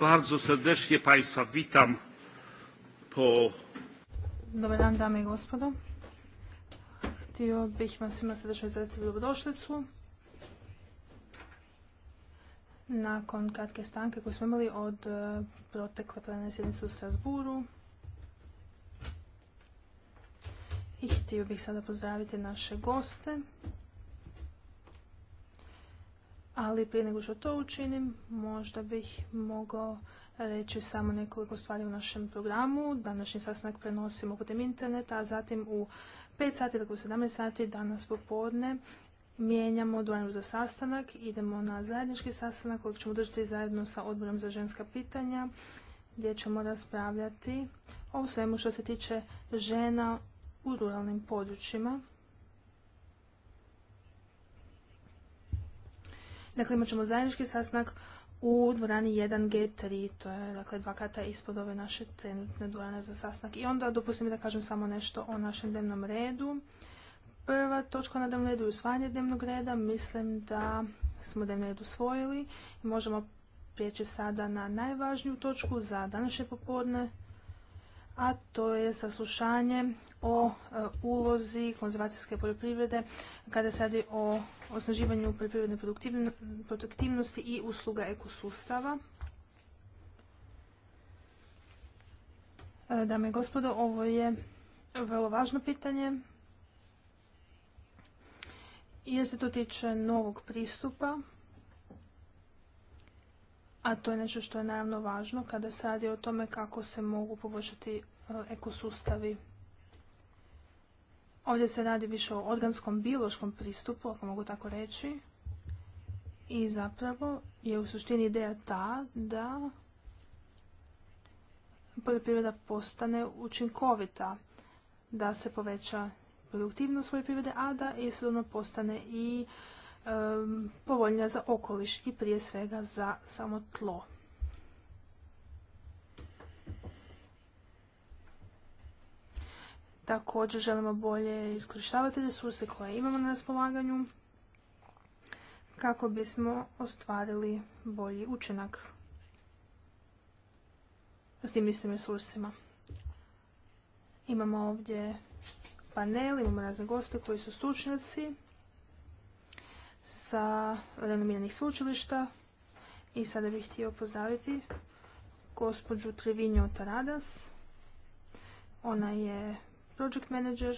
Bardzo serdecznie Państwa witam po... Dobar dan, dame i gospodo. Htio bih vam svima srdečno izraziti dobrodošlicu. Nakon kratke stanke koju smo imali od eh, protekle plenarne sjednice u Strasburu, i htio bih sada pozdraviti naše goste ali prije nego što to učinim, možda bih mogao reći samo nekoliko stvari u našem programu. Današnji sastanak prenosimo putem interneta, a zatim u 5 sati, dakle u 17 sati danas popodne mijenjamo dvojnu za sastanak, idemo na zajednički sastanak kojeg ćemo držati zajedno sa odborom za ženska pitanja gdje ćemo raspravljati o svemu što se tiče žena u ruralnim područjima Dakle, imat ćemo zajednički sastanak u dvorani 1G3, to je dakle dva kata ispod ove naše trenutne dvorane za sastanak. I onda dopustim da kažem samo nešto o našem dnevnom redu. Prva točka na dnevnom redu je usvajanje dnevnog reda. Mislim da smo dnevni red usvojili i možemo prijeći sada na najvažniju točku za današnje popodne, a to je saslušanje o e, ulozi konzervacijske poljoprivrede kada se radi o osnaživanju poljoprivredne produktivnosti i usluga ekosustava. E, dame i gospodo, ovo je vrlo važno pitanje jer se to tiče novog pristupa, a to je nešto što je naravno važno kada se radi o tome kako se mogu poboljšati e, ekosustavi Ovdje se radi više o organskom biološkom pristupu, ako mogu tako reći. I zapravo je u suštini ideja ta da poljoprivreda postane učinkovita, da se poveća produktivnost poljoprivrede, a da istodobno postane i povoljnija za okoliš i prije svega za samo tlo. Također želimo bolje iskoristavati resurse koje imamo na raspolaganju kako bismo ostvarili bolji učinak s tim istim resursima. Imamo ovdje panel, imamo razne goste koji su stručnjaci sa renomiranih sveučilišta i sada bih htio pozdraviti gospođu Trevinjo Taradas. Ona je project manager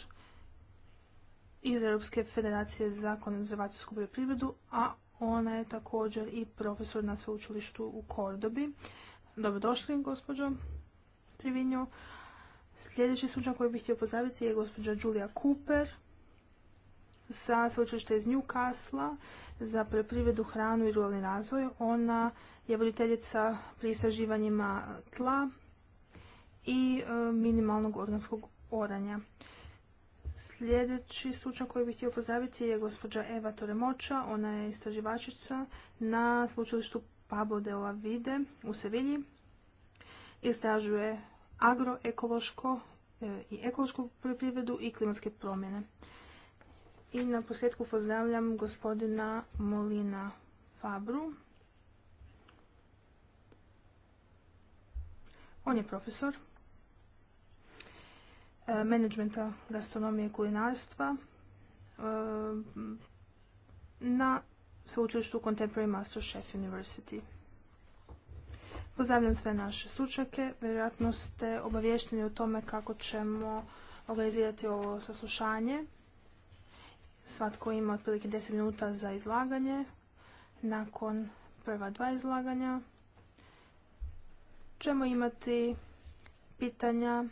iz Europske federacije za konzervacijsku poljoprivredu, a ona je također i profesor na sveučilištu u Kordobi. Dobrodošli, gospođo Trivinju. Sljedeći slučaj koji bih htio pozdraviti je gospođa Julia Cooper sa sveučilišta iz Newcastle za poljoprivredu, hranu i ruralni razvoj. Ona je voditeljica pri istraživanjima tla i e, minimalnog organskog oranja. Sljedeći slučaj koji bih htio pozdraviti je gospođa Eva Toremoča. Ona je istraživačica na sveučilištu Pablo de la Vide u Sevilji. Istražuje agroekološko e, i ekološku poljoprivredu i klimatske promjene. I na posljedku pozdravljam gospodina Molina Fabru. On je profesor E, menadžmenta gastronomije i kulinarstva e, na sveučilištu Contemporary Master Chef University. Pozdravljam sve naše slučajke. Vjerojatno ste obavješteni o tome kako ćemo organizirati ovo saslušanje. Svatko ima otprilike 10 minuta za izlaganje. Nakon prva dva izlaganja ćemo imati pitanja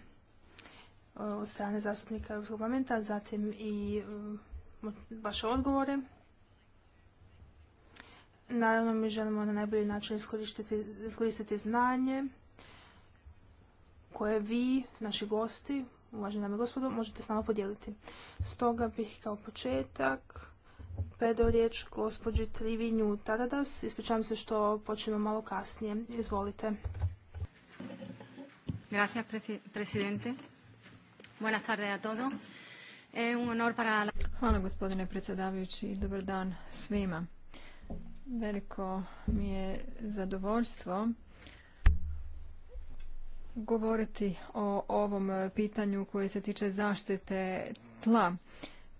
od strane zastupnika Europskog parlamenta, zatim i um, vaše odgovore. Naravno, mi želimo na najbolji način iskoristiti, znanje koje vi, naši gosti, uvaženi dame i gospodo, možete s nama podijeliti. Stoga bih kao početak predao riječ gospođi Trivinju Taradas. Ispričavam se što počnemo malo kasnije. Izvolite. Gracias, presidente. Hvala gospodine predsjedavajući i dobar dan svima. Veliko mi je zadovoljstvo govoriti o ovom pitanju koje se tiče zaštite tla.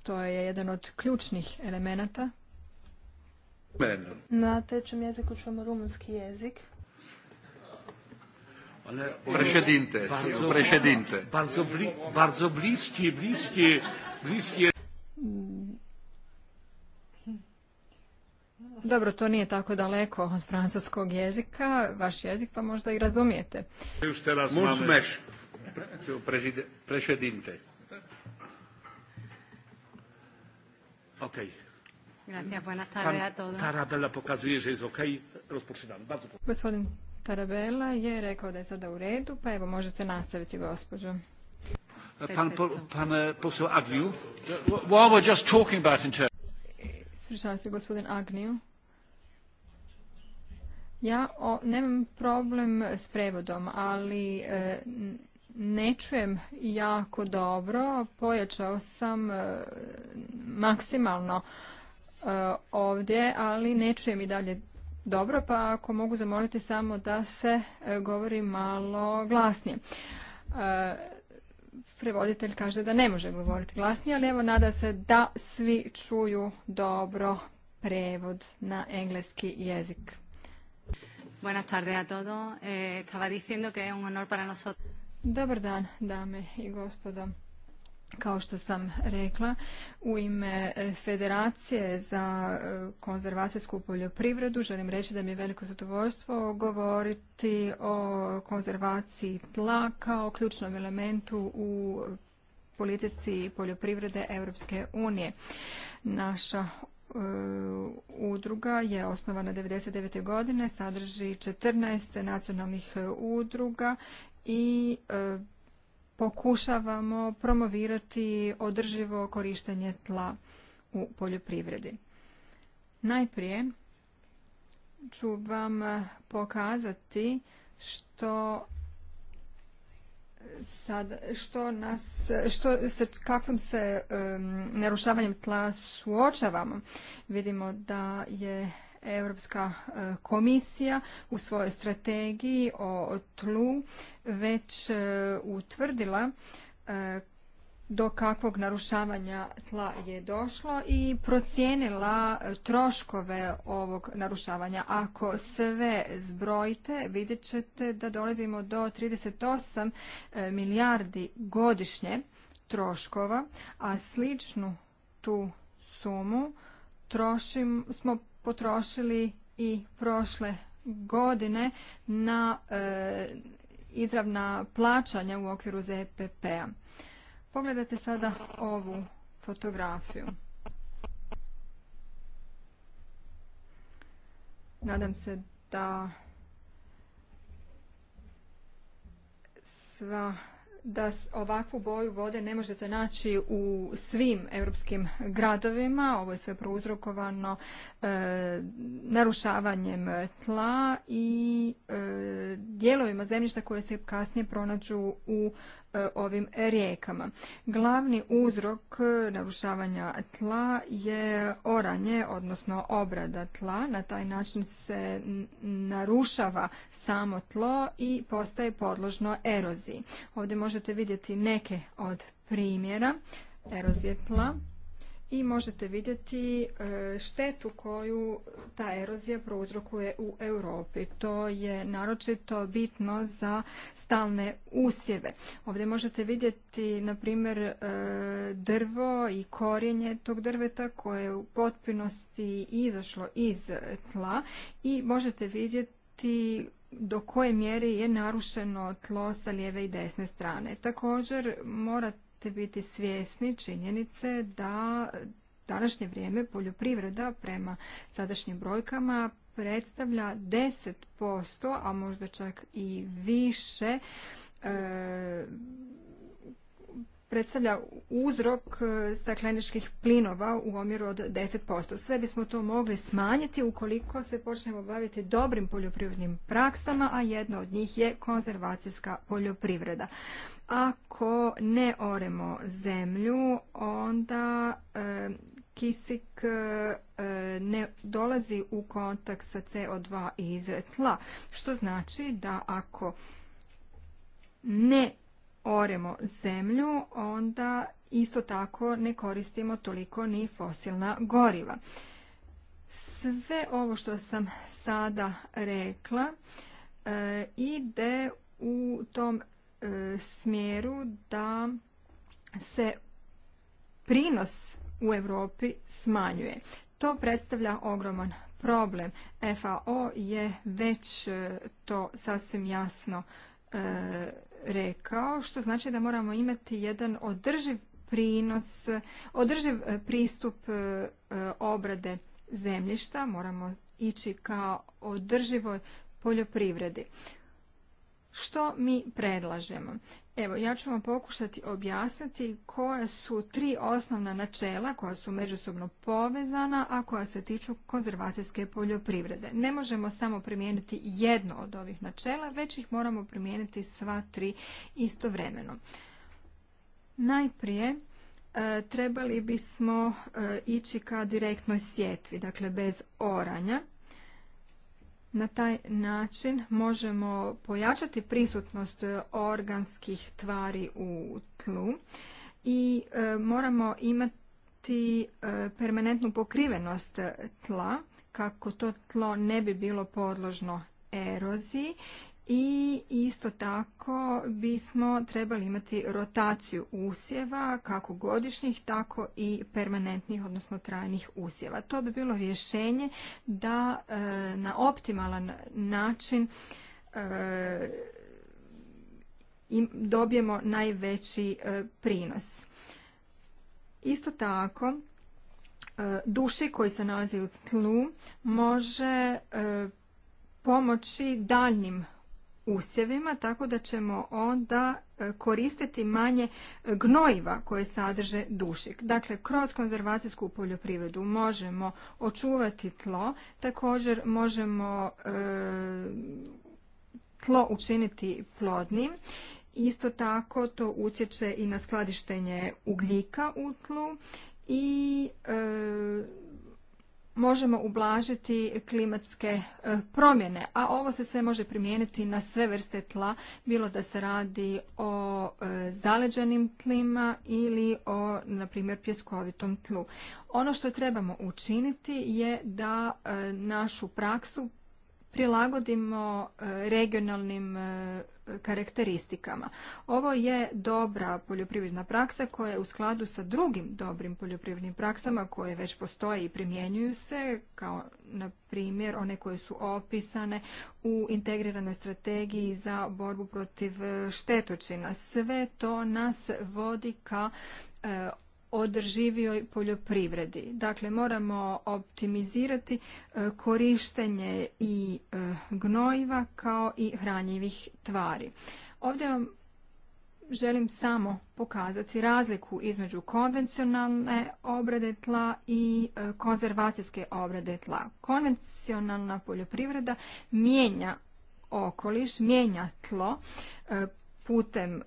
To je jedan od ključnih elemenata. Na tečem jeziku čujemo rumunski jezik ale Președinte, bardzo, președinte. Bardzo, bli, bardzo bliskie, bliskie, bliskie. Dobro, to nije tako daleko od francuskog jezika, vaš jezik, pa možda i razumijete. Mulțumesc, președinte. Ok. Grazie, buona tarde a todos. Tarabella pokazuje, że jest ok. Rozpoczynamy. Bardzo proszę. Gospodin Tarabela je rekao da je sada u redu, pa evo možete nastaviti gospođo. Pan, pan eh, posao Agniju. While we're just talking about Ispričavam se gospodin Agniju. Ja nemam problem s prevodom, ali eh, ne čujem jako dobro. Pojačao sam eh, maksimalno ovdje, ali ne čujem i dalje dobro, pa ako mogu zamoliti samo da se e, govori malo glasnije. E, prevoditelj kaže da ne može govoriti glasnije, ali evo nada se da svi čuju dobro prevod na engleski jezik. Buenas tardes a eh, estaba diciendo que es un honor para nosotros. Dobar dan, dame i gospodo kao što sam rekla, u ime e, Federacije za e, konzervacijsku poljoprivredu želim reći da mi je veliko zadovoljstvo govoriti o konzervaciji tla kao ključnom elementu u politici poljoprivrede Europske unije. Naša e, udruga je osnovana 1999. godine, sadrži 14 nacionalnih udruga i pokušavamo promovirati održivo korištenje tla u poljoprivredi. Najprije ću vam pokazati što sad, što nas, što, kakvim se um, narušavanjem tla suočavamo. Vidimo da je Europska e, komisija u svojoj strategiji o tlu već e, utvrdila e, do kakvog narušavanja tla je došlo i procijenila troškove ovog narušavanja. Ako sve zbrojite, vidjet ćete da dolazimo do 38 milijardi godišnje troškova, a sličnu tu sumu trošim, smo potrošili i prošle godine na e, izravna plaćanja u okviru ZPP-a. Pogledajte sada ovu fotografiju. Nadam se da sva da ovakvu boju vode ne možete naći u svim europskim gradovima. Ovo je sve prouzrokovano e, narušavanjem tla i e, dijelovima zemljišta koje se kasnije pronađu u E, ovim rijekama. Glavni uzrok narušavanja tla je oranje, odnosno obrada tla. Na taj način se narušava samo tlo i postaje podložno eroziji. Ovdje možete vidjeti neke od primjera erozije tla i možete vidjeti e, štetu koju ta erozija prouzrokuje u Europi. To je naročito bitno za stalne usjeve. Ovdje možete vidjeti, na primjer, e, drvo i korijenje tog drveta koje je u potpunosti izašlo iz tla i možete vidjeti do koje mjere je narušeno tlo sa lijeve i desne strane. Također morate biti svjesni činjenice da današnje vrijeme poljoprivreda prema sadašnjim brojkama predstavlja 10%, a možda čak i više e, predstavlja uzrok e, stakleničkih plinova u omjeru od 10%. Sve bismo to mogli smanjiti ukoliko se počnemo baviti dobrim poljoprivrednim praksama, a jedna od njih je konzervacijska poljoprivreda. Ako ne oremo zemlju, onda e, kisik e, ne dolazi u kontakt sa CO2 iz tla, što znači da ako ne oremo zemlju, onda isto tako ne koristimo toliko ni fosilna goriva. Sve ovo što sam sada rekla e, ide u tom e, smjeru da se prinos u Europi smanjuje. To predstavlja ogroman problem. FAO je već e, to sasvim jasno rekao, što znači da moramo imati jedan održiv prinos, održiv e, pristup e, e, obrade zemljišta, moramo ići ka održivoj poljoprivredi. Što mi predlažemo? Evo, ja ću vam pokušati objasniti koja su tri osnovna načela koja su međusobno povezana, a koja se tiču konzervacijske poljoprivrede. Ne možemo samo primijeniti jedno od ovih načela, već ih moramo primijeniti sva tri istovremeno. Najprije e, trebali bismo e, ići ka direktnoj sjetvi, dakle bez oranja na taj način možemo pojačati prisutnost organskih tvari u tlu i e, moramo imati e, permanentnu pokrivenost tla kako to tlo ne bi bilo podložno eroziji i isto tako bismo trebali imati rotaciju usjeva kako godišnjih tako i permanentnih odnosno trajnih usjeva. To bi bilo rješenje da e, na optimalan način e, dobijemo najveći e, prinos. Isto tako duši koji se nalazi u tlu može pomoći daljnim usjevima, tako da ćemo onda e, koristiti manje gnojiva koje sadrže dušik. Dakle, kroz konzervacijsku poljoprivredu možemo očuvati tlo, također možemo e, tlo učiniti plodnim. Isto tako to utječe i na skladištenje ugljika u tlu i e, možemo ublažiti klimatske e, promjene, a ovo se sve može primijeniti na sve vrste tla, bilo da se radi o e, zaleđenim tlima ili o, na primjer, pjeskovitom tlu. Ono što trebamo učiniti je da e, našu praksu prilagodimo e, regionalnim e, karakteristikama. Ovo je dobra poljoprivredna praksa koja je u skladu sa drugim dobrim poljoprivrednim praksama koje već postoje i primjenjuju se, kao na primjer one koje su opisane u integriranoj strategiji za borbu protiv e, štetočina. Sve to nas vodi ka održivijoj poljoprivredi. Dakle, moramo optimizirati e, korištenje i e, gnojiva kao i hranjivih tvari. Ovdje vam želim samo pokazati razliku između konvencionalne obrade tla i e, konzervacijske obrade tla. Konvencionalna poljoprivreda mijenja okoliš, mijenja tlo putem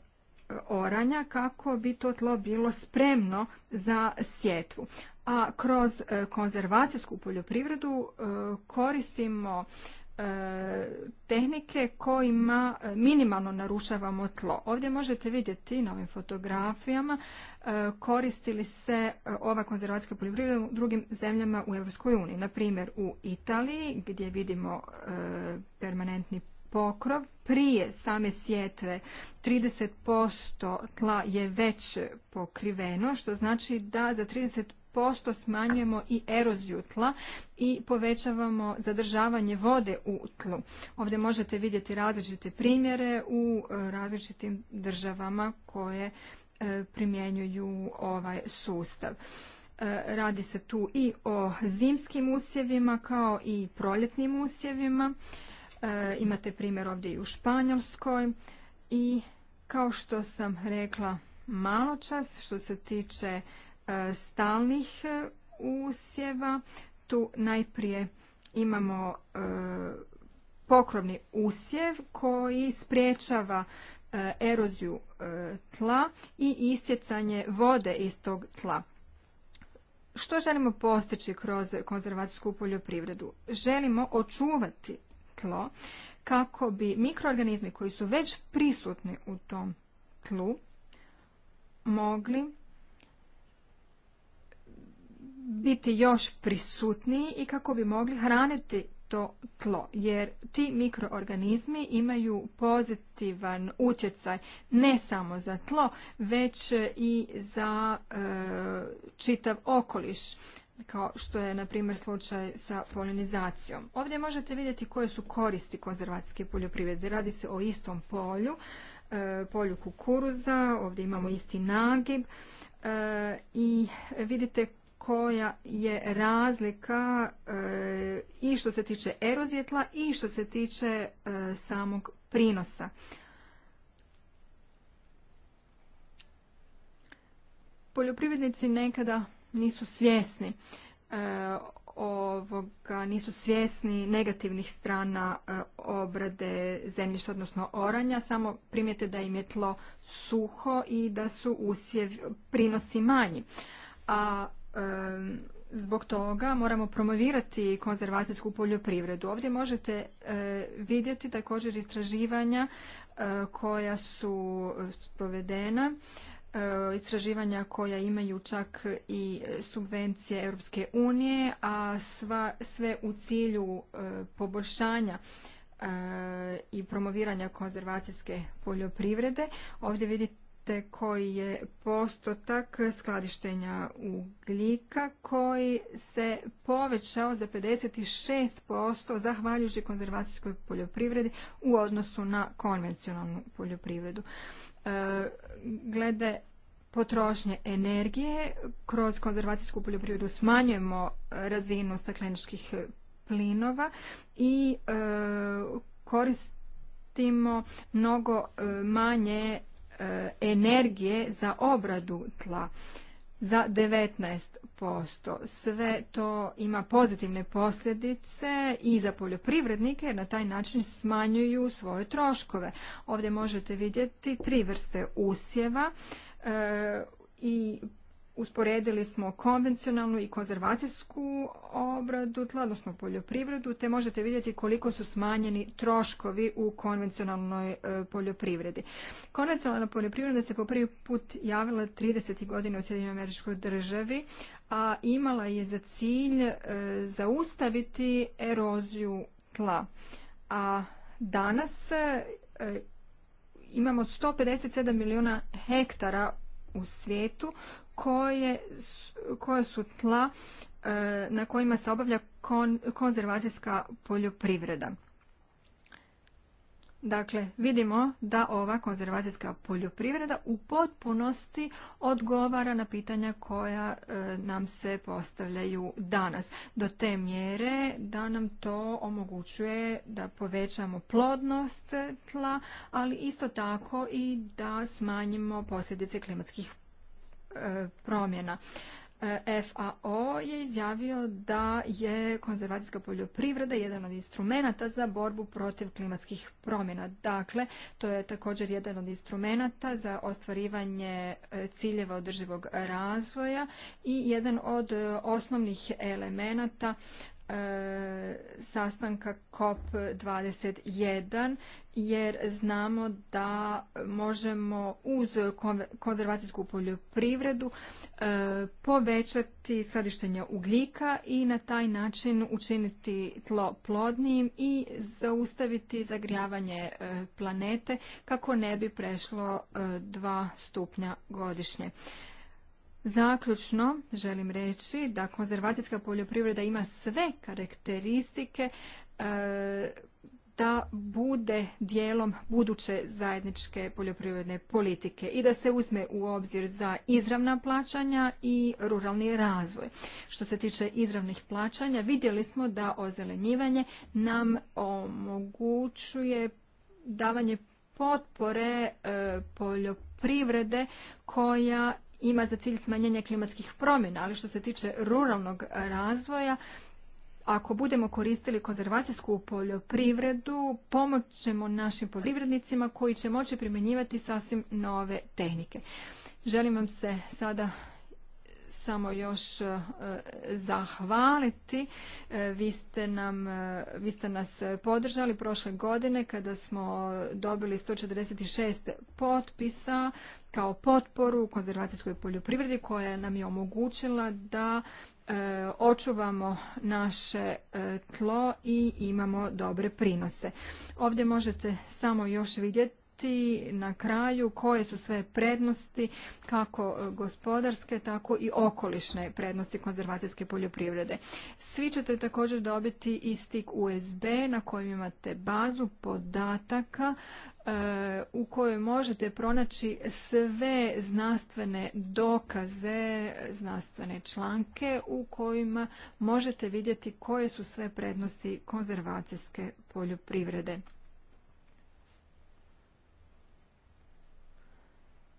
oranja kako bi to tlo bilo spremno za sjetvu. A kroz e, konzervacijsku poljoprivredu e, koristimo e, tehnike kojima minimalno narušavamo tlo. Ovdje možete vidjeti na ovim fotografijama koristili se ova konzervacijska poljoprivreda u drugim zemljama u EU. Na u Italiji gdje vidimo permanentni pokrov prije same sjetve 30% tla je već pokriveno, što znači da za 30% smanjujemo i eroziju tla i povećavamo zadržavanje vode u tlu. Ovdje možete vidjeti različite primjere u e, različitim državama koje e, primjenjuju ovaj sustav. E, radi se tu i o zimskim usjevima kao i proljetnim usjevima. E, imate primjer ovdje i u Španjolskoj i kao što sam rekla malo čas što se tiče e, stalnih e, usjeva, tu najprije imamo pokrovni usjev koji spriječava eroziju tla i istjecanje vode iz tog tla. Što želimo postići kroz konzervacijsku poljoprivredu? Želimo očuvati tlo kako bi mikroorganizmi koji su već prisutni u tom tlu mogli biti još prisutniji i kako bi mogli hraniti to tlo, jer ti mikroorganizmi imaju pozitivan utjecaj ne samo za tlo, već i za e, čitav okoliš kao što je na primjer slučaj sa polinizacijom. Ovdje možete vidjeti koje su koristi konzervacijske poljoprivrede. Radi se o istom polju, e, polju kukuruza, ovdje imamo isti nagib e, i vidite koja je razlika e, i što se tiče erozije i što se tiče samog prinosa. Poljoprivrednici nekada nisu svjesni e, ovoga, nisu svjesni negativnih strana e, obrade zemljišta, odnosno oranja, samo primijete da im je tlo suho i da su usjev prinosi manji. A e, zbog toga moramo promovirati konzervacijsku poljoprivredu. Ovdje možete vidjeti također istraživanja koja su provedena E, istraživanja koja imaju čak i subvencije Europske unije, a sva, sve u cilju e, poboljšanja e, i promoviranja konzervacijske poljoprivrede. Ovdje vidite koji je postotak skladištenja ugljika koji se povećao za 56% zahvaljujući konzervacijskoj poljoprivredi u odnosu na konvencionalnu poljoprivredu. E, glede potrošnje energije kroz konzervacijsku poljoprivredu smanjujemo razinu stakleničkih plinova i e, koristimo mnogo e, manje energije za obradu tla za 19 sve to ima pozitivne posljedice i za poljoprivrednike jer na taj način smanjuju svoje troškove. Ovdje možete vidjeti tri vrste usjeva e, i usporedili smo konvencionalnu i konzervacijsku obradu tla, odnosno poljoprivredu, te možete vidjeti koliko su smanjeni troškovi u konvencionalnoj e, poljoprivredi. Konvencionalna poljoprivreda se po prvi put javila 30. godine u Sjedinjoj američkoj državi, a imala je za cilj e, zaustaviti eroziju tla. A danas e, imamo 157 milijuna hektara u svijetu koje, koje su tla e, na kojima se obavlja konzervacijska poljoprivreda. Dakle, vidimo da ova konzervacijska poljoprivreda u potpunosti odgovara na pitanja koja e, nam se postavljaju danas. Do te mjere da nam to omogućuje da povećamo plodnost tla, ali isto tako i da smanjimo posljedice klimatskih E, promjena. E, FAO je izjavio da je konzervacijska poljoprivreda jedan od instrumenata za borbu protiv klimatskih promjena. Dakle, to je također jedan od instrumenata za ostvarivanje e, ciljeva održivog razvoja i jedan od osnovnih elemenata sastanka COP21 jer znamo da možemo uz konzervacijsku poljoprivredu e, povećati skladištenje ugljika i na taj način učiniti tlo plodnijim i zaustaviti zagrijavanje e, planete kako ne bi prešlo e, dva stupnja godišnje. Zaključno želim reći da konzervacijska poljoprivreda ima sve karakteristike da bude dijelom buduće zajedničke poljoprivredne politike i da se uzme u obzir za izravna plaćanja i ruralni razvoj. Što se tiče izravnih plaćanja, vidjeli smo da ozelenjivanje nam omogućuje davanje potpore e, poljoprivrede koja ima za cilj smanjenje klimatskih promjena, ali što se tiče ruralnog razvoja, ako budemo koristili konzervacijsku poljoprivredu, pomoćemo našim poljoprivrednicima koji će moći primjenjivati sasvim nove tehnike. Želim vam se sada samo još e, zahvaliti. E, vi ste, nam, e, vi ste nas podržali prošle godine kada smo dobili 146 potpisa kao potporu konzervacijskoj poljoprivredi koja nam je omogućila da E, očuvamo naše e, tlo i imamo dobre prinose. Ovdje možete samo još vidjeti na kraju koje su sve prednosti kako e, gospodarske tako i okolišne prednosti konzervacijske poljoprivrede. Svi ćete također dobiti i stik USB na kojem imate bazu podataka E, u kojoj možete pronaći sve znanstvene dokaze, znanstvene članke u kojima možete vidjeti koje su sve prednosti konzervacijske poljoprivrede.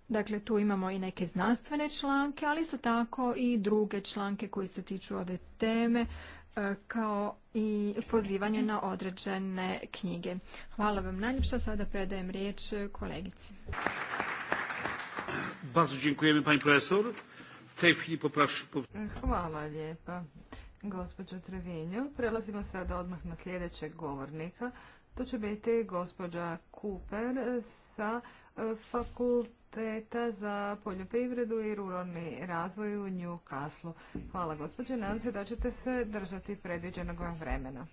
Dakle, tu imamo i neke znanstvene članke, ali isto tako i druge članke koji se tiču ove teme, E, kao i pozivanje na određene knjige. Hvala vam najljepša. Sada predajem riječ kolegici. dziękujemy pani profesor. Hvala lijepa, gospođo Trevinju. Prelazimo sada odmah na sljedećeg govornika. To će biti gospođa Cooper sa Fakulteta za poljoprivredu i ruralni razvoj u Newcastle. Hvala gospođo, nadam se da ćete se držati predviđenog vam vremena.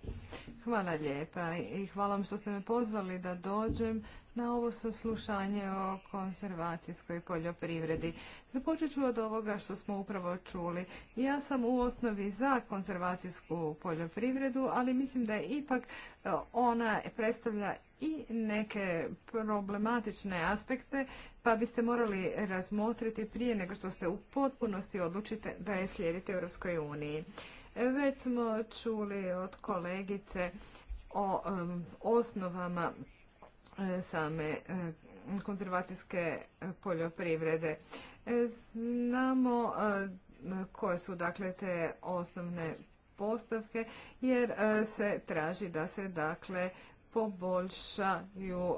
Hvala lijepa i hvala vam što ste me pozvali da dođem na ovo saslušanje o konservacijskoj poljoprivredi. Započet ću od ovoga što smo upravo čuli. Ja sam u osnovi za konservacijsku poljoprivredu, ali mislim da je ipak e, ona predstavlja i neke problematične aspekte, pa biste morali razmotriti prije nego što ste u potpunosti odlučite da je slijedite Europskoj uniji. Već smo čuli od kolegice o osnovama e, same e, konzervacijske poljoprivrede. E, znamo koje su dakle te osnovne postavke jer se traži da se dakle poboljšaju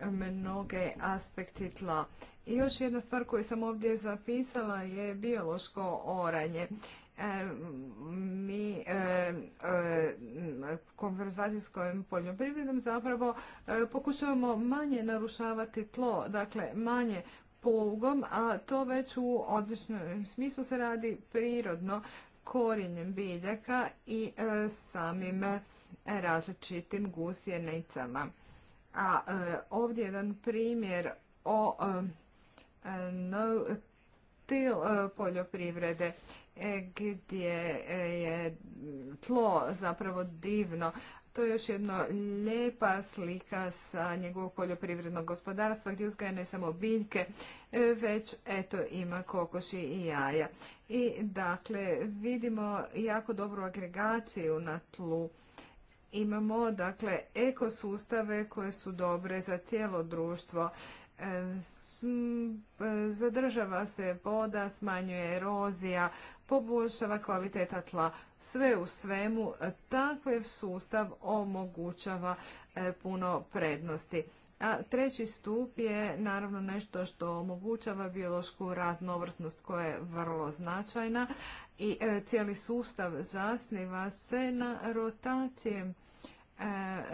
eh, mnoge aspekti tla. I još jedna stvar koju sam ovdje zapisala je biološko oranje. Eh, mi eh, konverzacijskom poljoprivredom zapravo pokušavamo manje narušavati tlo, dakle manje plugom, a to već u odličnom smislu se radi prirodno korijenjem biljaka i samim različitim gusjenicama. A e, ovdje jedan primjer o e, e, poljoprivrede gdje je tlo zapravo divno. To je još jedna lijepa slika sa njegovog poljoprivrednog gospodarstva gdje uzgaja ne samo biljke, već eto ima kokoši i jaja. I dakle vidimo jako dobru agregaciju na tlu imamo dakle ekosustave koje su dobre za cijelo društvo. E, zadržava se voda, smanjuje erozija, poboljšava kvaliteta tla. Sve u svemu takav sustav omogućava e, puno prednosti. A treći stup je naravno nešto što omogućava biološku raznovrsnost koja je vrlo značajna i e, cijeli sustav zasniva se na rotacije, e,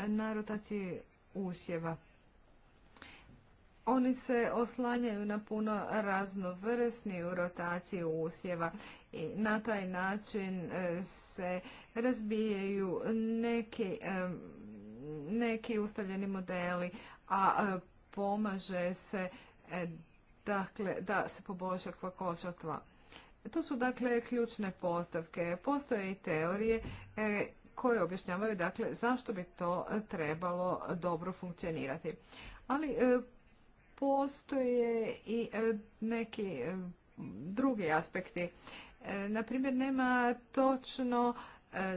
na rotaciji usjeva. Oni se oslanjaju na puno raznovrsniju rotaciju usjeva i na taj način e, se razbijaju neki, neki ustavljeni modeli, a pomaže se dakle, da se poboljša kvakoća tva. To su dakle ključne postavke. Postoje i teorije e, koje objašnjavaju dakle zašto bi to trebalo dobro funkcionirati. Ali e, postoje i e, neki drugi aspekti. Na primjer, nema točno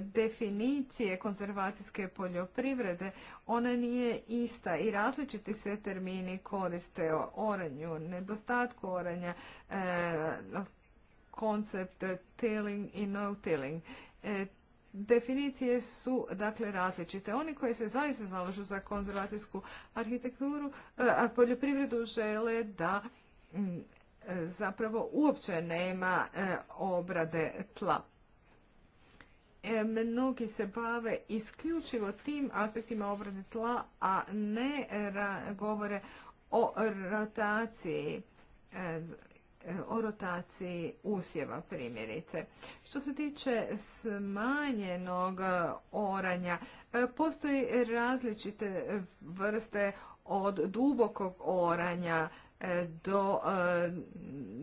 definicije konzervacijske poljoprivrede. Ona nije ista i različiti se termini koriste o oranju, nedostatku oranja, koncept tailing i no tailing. E, definicije su dakle različite. Oni koji se zaista zalažu za konzervacijsku arhitekturu, e, a poljoprivredu žele da mm, e, zapravo uopće nema obrade tla. mnogi se bave isključivo tim aspektima obrade tla, a ne govore o rotaciji E, o rotaciji usjeva primjerice. Što se tiče smanjenog e, oranja, e, postoji različite vrste od dubokog oranja do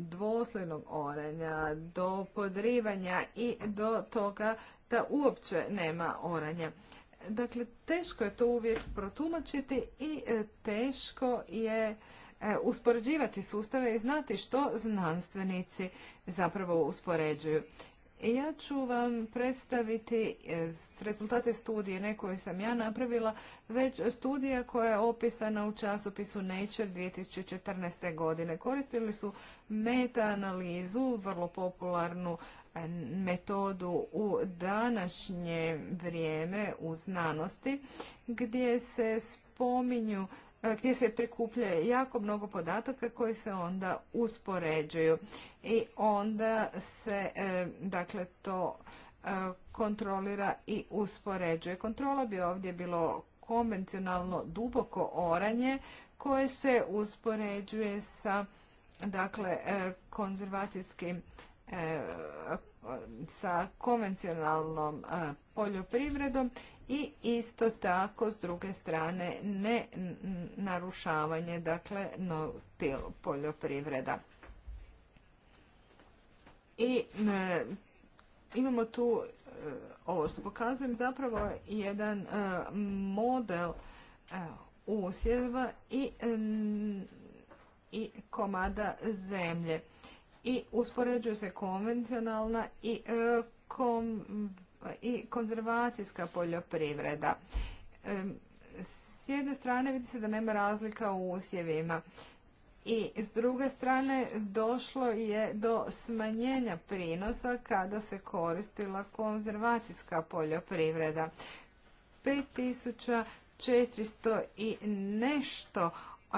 dvoslojnog oranja, do podrivanja i do toga da uopće nema oranja. Dakle, teško je to uvijek protumačiti i teško je E, uspoređivati sustave i znati što znanstvenici zapravo uspoređuju. Ja ću vam predstaviti e, rezultate studije ne koje sam ja napravila, već studija koja je opisana u časopisu Nature 2014. godine. Koristili su meta vrlo popularnu e, metodu u današnje vrijeme u znanosti, gdje se spominju E, gdje se prikuplja jako mnogo podataka koji se onda uspoređuju i onda se e, dakle to e, kontrolira i uspoređuje. Kontrola bi ovdje bilo konvencionalno duboko oranje koje se uspoređuje sa dakle konzervacijskim sa konvencionalnom poljoprivredom i isto tako s druge strane ne narušavanje dakle no, poljoprivreda. I imamo tu e, ovo što pokazujem zapravo jedan e, model e, usjeva i, i komada zemlje. I uspoređuje se konvencionalna i kom, i konzervacijska poljoprivreda. S jedne strane vidi se da nema razlika u usjevima i s druge strane došlo je do smanjenja prinosa kada se koristila konzervacijska poljoprivreda. 5400 i nešto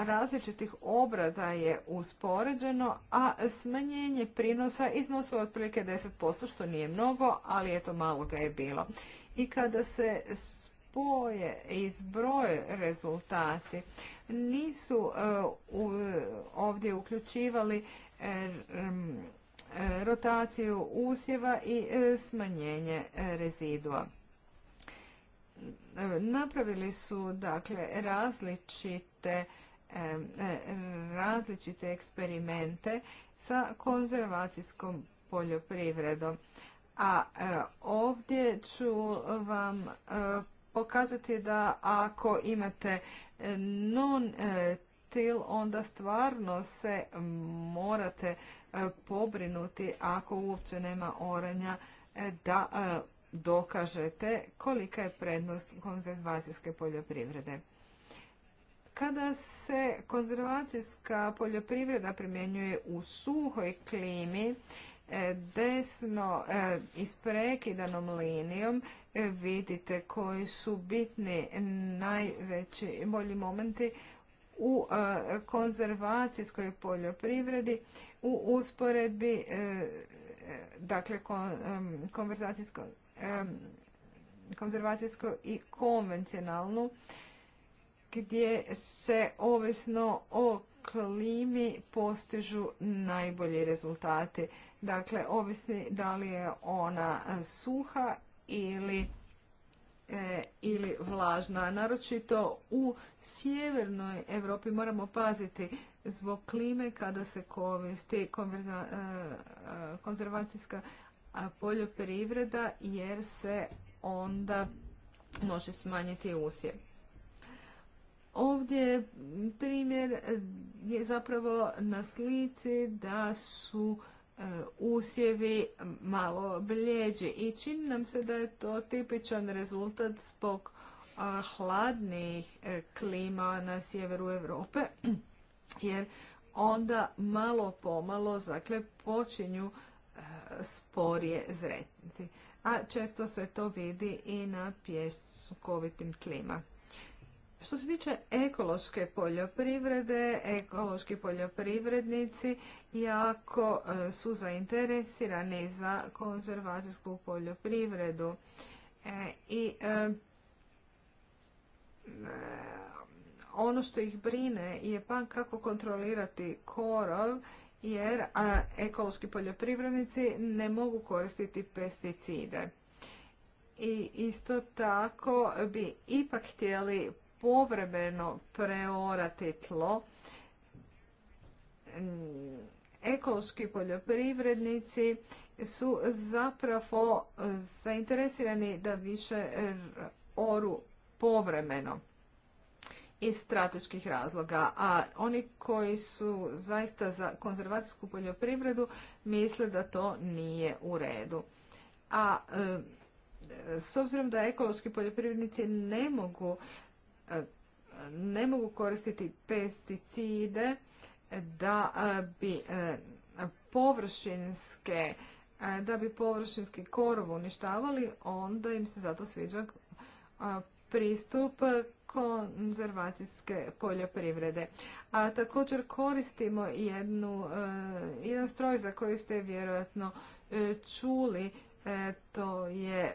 različitih obrada je uspoređeno, a smanjenje prinosa iznosilo otprilike 10%, što nije mnogo, ali eto malo ga je bilo. I kada se spoje i zbroje rezultati, nisu e, ovdje uključivali e, e, rotaciju usjeva i smanjenje rezidua. Napravili su dakle različite E, različite eksperimente sa konzervacijskom poljoprivredom. A e, ovdje ću vam e, pokazati da ako imate non til, onda stvarno se morate pobrinuti ako uopće nema oranja da dokažete kolika je prednost konzervacijske poljoprivrede. Kada se konzervacijska poljoprivreda primjenjuje u suhoj klimi, e, desno e, isprekidanom linijom e, vidite koji su bitni najveći bolji momenti u konzervacijskoj poljoprivredi u usporedbi dakle konzervacijsko i konvencionalnu gdje se ovisno o klimi postižu najbolji rezultati. Dakle, ovisni da li je ona suha ili e, ili vlažna. Naročito u sjevernoj Europi moramo paziti zbog klime kada se koristi e, konzervacijska poljoprivreda jer se onda može smanjiti usjev. Ovdje primjer je zapravo na slici da su e, usjevi malo bljeđi i čini nam se da je to tipičan rezultat zbog hladnih e, klima na sjeveru Europe jer onda malo pomalo dakle, počinju e, sporije zretniti. A često se to vidi i na pjeskovitim klima. Što se tiče ekološke poljoprivrede, ekološki poljoprivrednici jako e, su zainteresirani za konzervacijsku poljoprivredu e, i e, ono što ih brine je pa kako kontrolirati korov jer ekološki poljoprivrednici ne mogu koristiti pesticide. I isto tako bi ipak htjeli povremeno preorati tlo. Mm, ekološki poljoprivrednici su zapravo e, zainteresirani da više oru povremeno iz strateških razloga, a oni koji su zaista za konzervacijsku poljoprivredu misle da to nije u redu. A e, s obzirom da ekološki poljoprivrednici ne mogu ne mogu koristiti pesticide da bi površinske da bi površinski korov uništavali, onda im se zato sviđa pristup konzervacijske poljoprivrede. A također koristimo jednu, jedan stroj za koji ste vjerojatno e, čuli, e, to je e,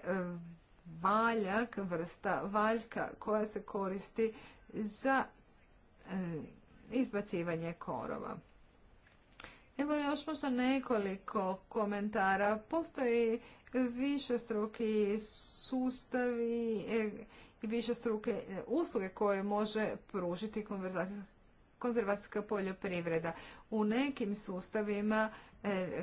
valjak, vrsta valjka koja se koristi za e, izbacivanje korova. Evo još možda nekoliko komentara. Postoji više sustavi e, i više struke usluge koje može pružiti konzervacijska poljoprivreda. U nekim sustavima e,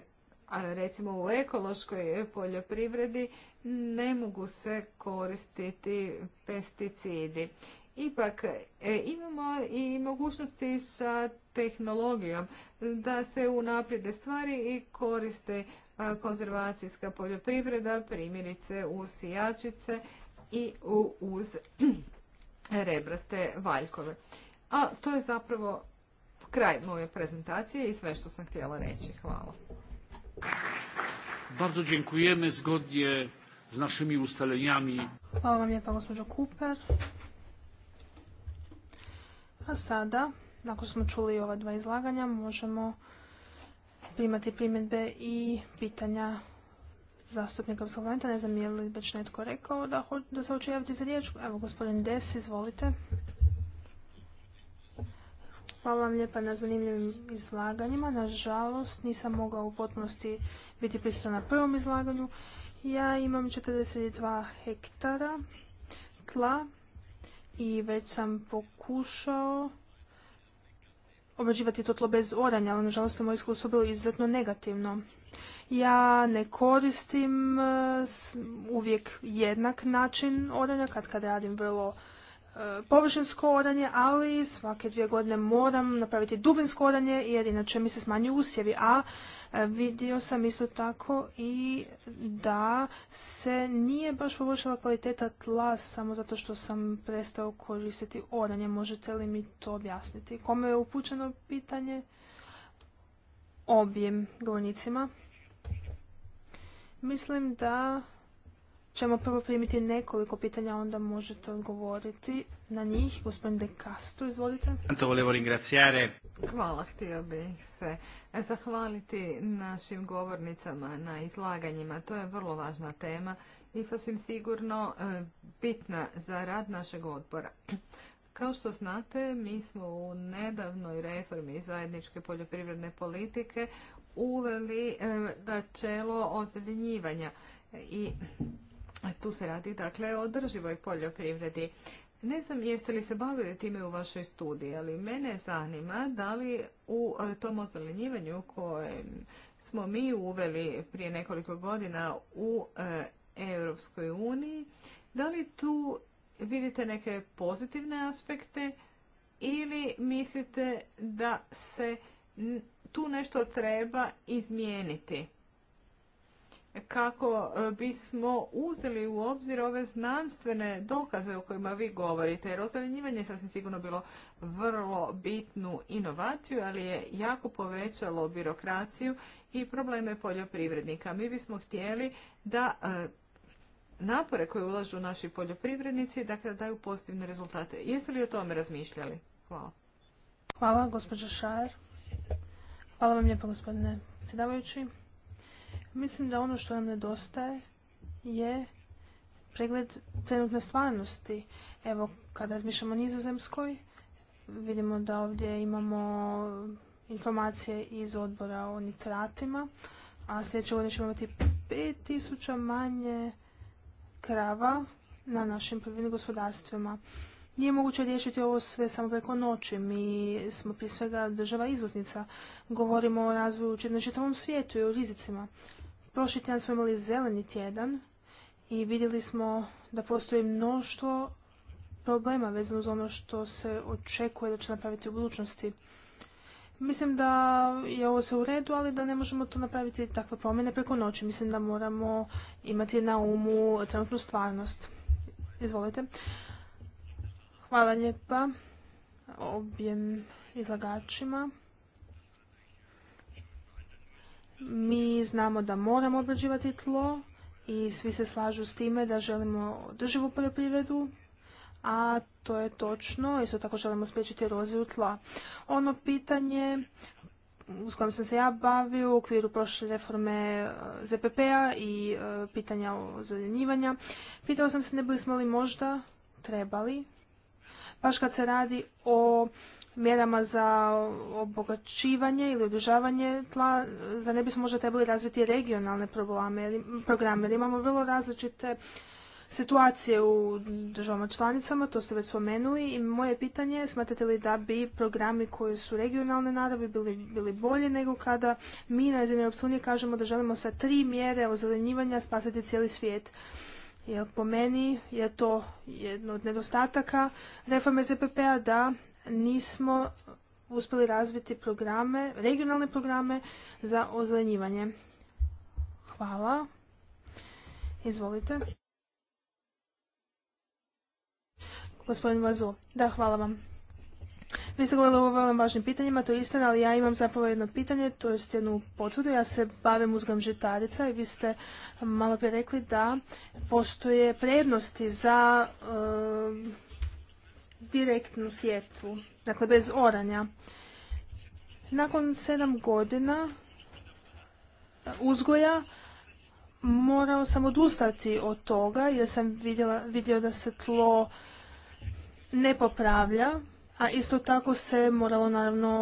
a recimo u ekološkoj poljoprivredi ne mogu se koristiti pesticidi. Ipak e, imamo i mogućnosti sa tehnologijom da se unaprijede stvari i koriste konzervacijska poljoprivreda, primjerice u sijačice i uz rebraste valjkove. A to je zapravo kraj moje prezentacije i sve što sam htjela reći. Hvala. Bardzo dziękujemy zgodnie z naszymi ustaleniami. Hvala vam lijepa gospođo Kuper. A sada, nakon smo čuli ova dva izlaganja, možemo primati primjedbe i pitanja zastupnika u parlamenta. Ne znam je li već netko rekao da, se hoće javiti za riječ. Evo, gospodin Des, izvolite. Hvala vam lijepa na zanimljivim izlaganjima. Nažalost, nisam mogao u potpunosti biti prisutna na prvom izlaganju. Ja imam 42 hektara tla i već sam pokušao obrađivati to tlo bez oranja, ali nažalost je moje iskustvo bilo izuzetno negativno. Ja ne koristim eh, uvijek jednak način oranja kad kad radim vrlo površinsko oranje, ali svake dvije godine moram napraviti dubinsko odanje jer inače mi se smanjuju usjevi, a e, vidio sam isto tako i da se nije baš poboljšala kvaliteta tla samo zato što sam prestao koristiti oranje. Možete li mi to objasniti? Kome je upućeno pitanje? Obijem govornicima. Mislim da ćemo prvo primiti nekoliko pitanja, onda možete odgovoriti na njih. Gospodin De Castro, izvolite. Hvala, htio bih se zahvaliti našim govornicama na izlaganjima. To je vrlo važna tema i sasvim sigurno e, bitna za rad našeg odbora. Kao što znate, mi smo u nedavnoj reformi zajedničke poljoprivredne politike uveli e, načelo ozeljenjivanja i tu se radi dakle o održivoj poljoprivredi. Ne znam jeste li se bavili time u vašoj studiji, ali mene zanima da li u e, tom ozelenjivanju koje smo mi uveli prije nekoliko godina u e, Europskoj uniji, da li tu vidite neke pozitivne aspekte ili mislite da se tu nešto treba izmijeniti? kako e, bismo uzeli u obzir ove znanstvene dokaze o kojima vi govorite, jer ozelenjivanje je sasvim sigurno bilo vrlo bitnu inovaciju, ali je jako povećalo birokraciju i probleme poljoprivrednika. Mi bismo htjeli da e, napore koje ulažu naši poljoprivrednici, dakle daju pozitivne rezultate. Jeste li o tome razmišljali? Hvala. Hvala, gospođo Šajer. Hvala vam lijepo, gospodine predsjedavajući. Mislim da ono što nam nedostaje je pregled trenutne stvarnosti. Evo, kada razmišljamo o nizozemskoj, vidimo da ovdje imamo informacije iz odbora o nitratima, a sljedeće godine ćemo imati 5000 manje krava na našim prvim gospodarstvima. Nije moguće riješiti ovo sve samo preko noći. Mi smo prije svega država izvoznica. Govorimo o razvoju na čitavom svijetu i o rizicima. Prošli tjedan smo imali zeleni tjedan i vidjeli smo da postoji mnoštvo problema vezano za ono što se očekuje da će napraviti u budućnosti. Mislim da je ovo sve u redu, ali da ne možemo to napraviti takve promjene preko noći. Mislim da moramo imati na umu trenutnu stvarnost. Izvolite. Hvala lijepa objem izlagačima. Mi znamo da moramo obrađivati tlo i svi se slažu s time da želimo održivu poljoprivredu, a to je točno, isto tako želimo spriječiti eroziju tla. Ono pitanje s kojim sam se ja bavio u okviru prošle reforme e, ZPP-a i e, pitanja o pitao sam se ne bismo li možda trebali, baš kad se radi o mjerama za obogaćivanje ili održavanje tla, za ne bismo možda trebali razviti regionalne programe, jer imamo vrlo različite situacije u državama članicama, to ste već spomenuli i moje pitanje je smatrate li da bi programi koji su regionalne naravi bili, bili bolje nego kada mi na razini Europske kažemo da želimo sa tri mjere ozelenjivanja spasiti cijeli svijet. Jer po meni je to jedno od nedostataka reforme ZPP-a da nismo uspjeli razviti programe, regionalne programe za ozlenjivanje. Hvala. Izvolite. Gospodin Vazo. Da, hvala vam. Vi ste govorili o veoma važnim pitanjima, to je istina, ali ja imam zapravo jedno pitanje, to je jednu potvrdu. Ja se bavim uzgojem žitarica i vi ste malo prije rekli da postoje prednosti za direktnu sjetvu, dakle bez oranja. Nakon sedam godina uh, uzgoja morao sam odustati od toga jer sam vidjela, vidio da se tlo ne popravlja, a isto tako se moralo naravno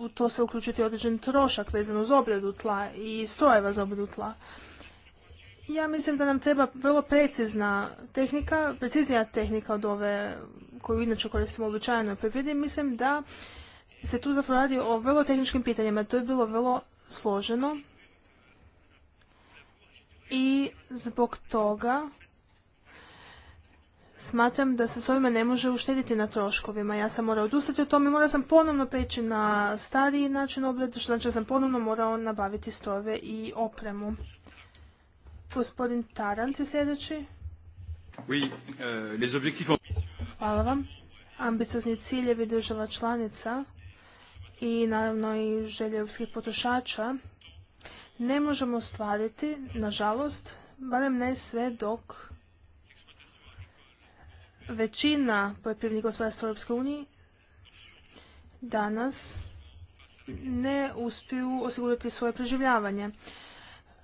u to se uključiti određen trošak vezano uz obradu tla i strojeva za obradu tla. Ja mislim da nam treba vrlo precizna tehnika, preciznija tehnika od ove koju inače koristimo uobičajeno u poljoprivredi. Mislim da se tu zapravo radi o vrlo tehničkim pitanjima. To je bilo vrlo složeno i zbog toga smatram da se s ovime ne može uštediti na troškovima. Ja sam morao odustati od tome i morao sam ponovno preći na stariji način obrade, što znači da sam ponovno morao nabaviti strojeve i opremu. Gospodin Tarant je sljedeći. Euh, Hvala vam. Ambiciozni ciljevi država članica i naravno i želje europskih potrošača ne možemo ostvariti, nažalost, barem ne sve dok većina poljoprivrednih gospodarstva u unije danas ne uspiju osigurati svoje preživljavanje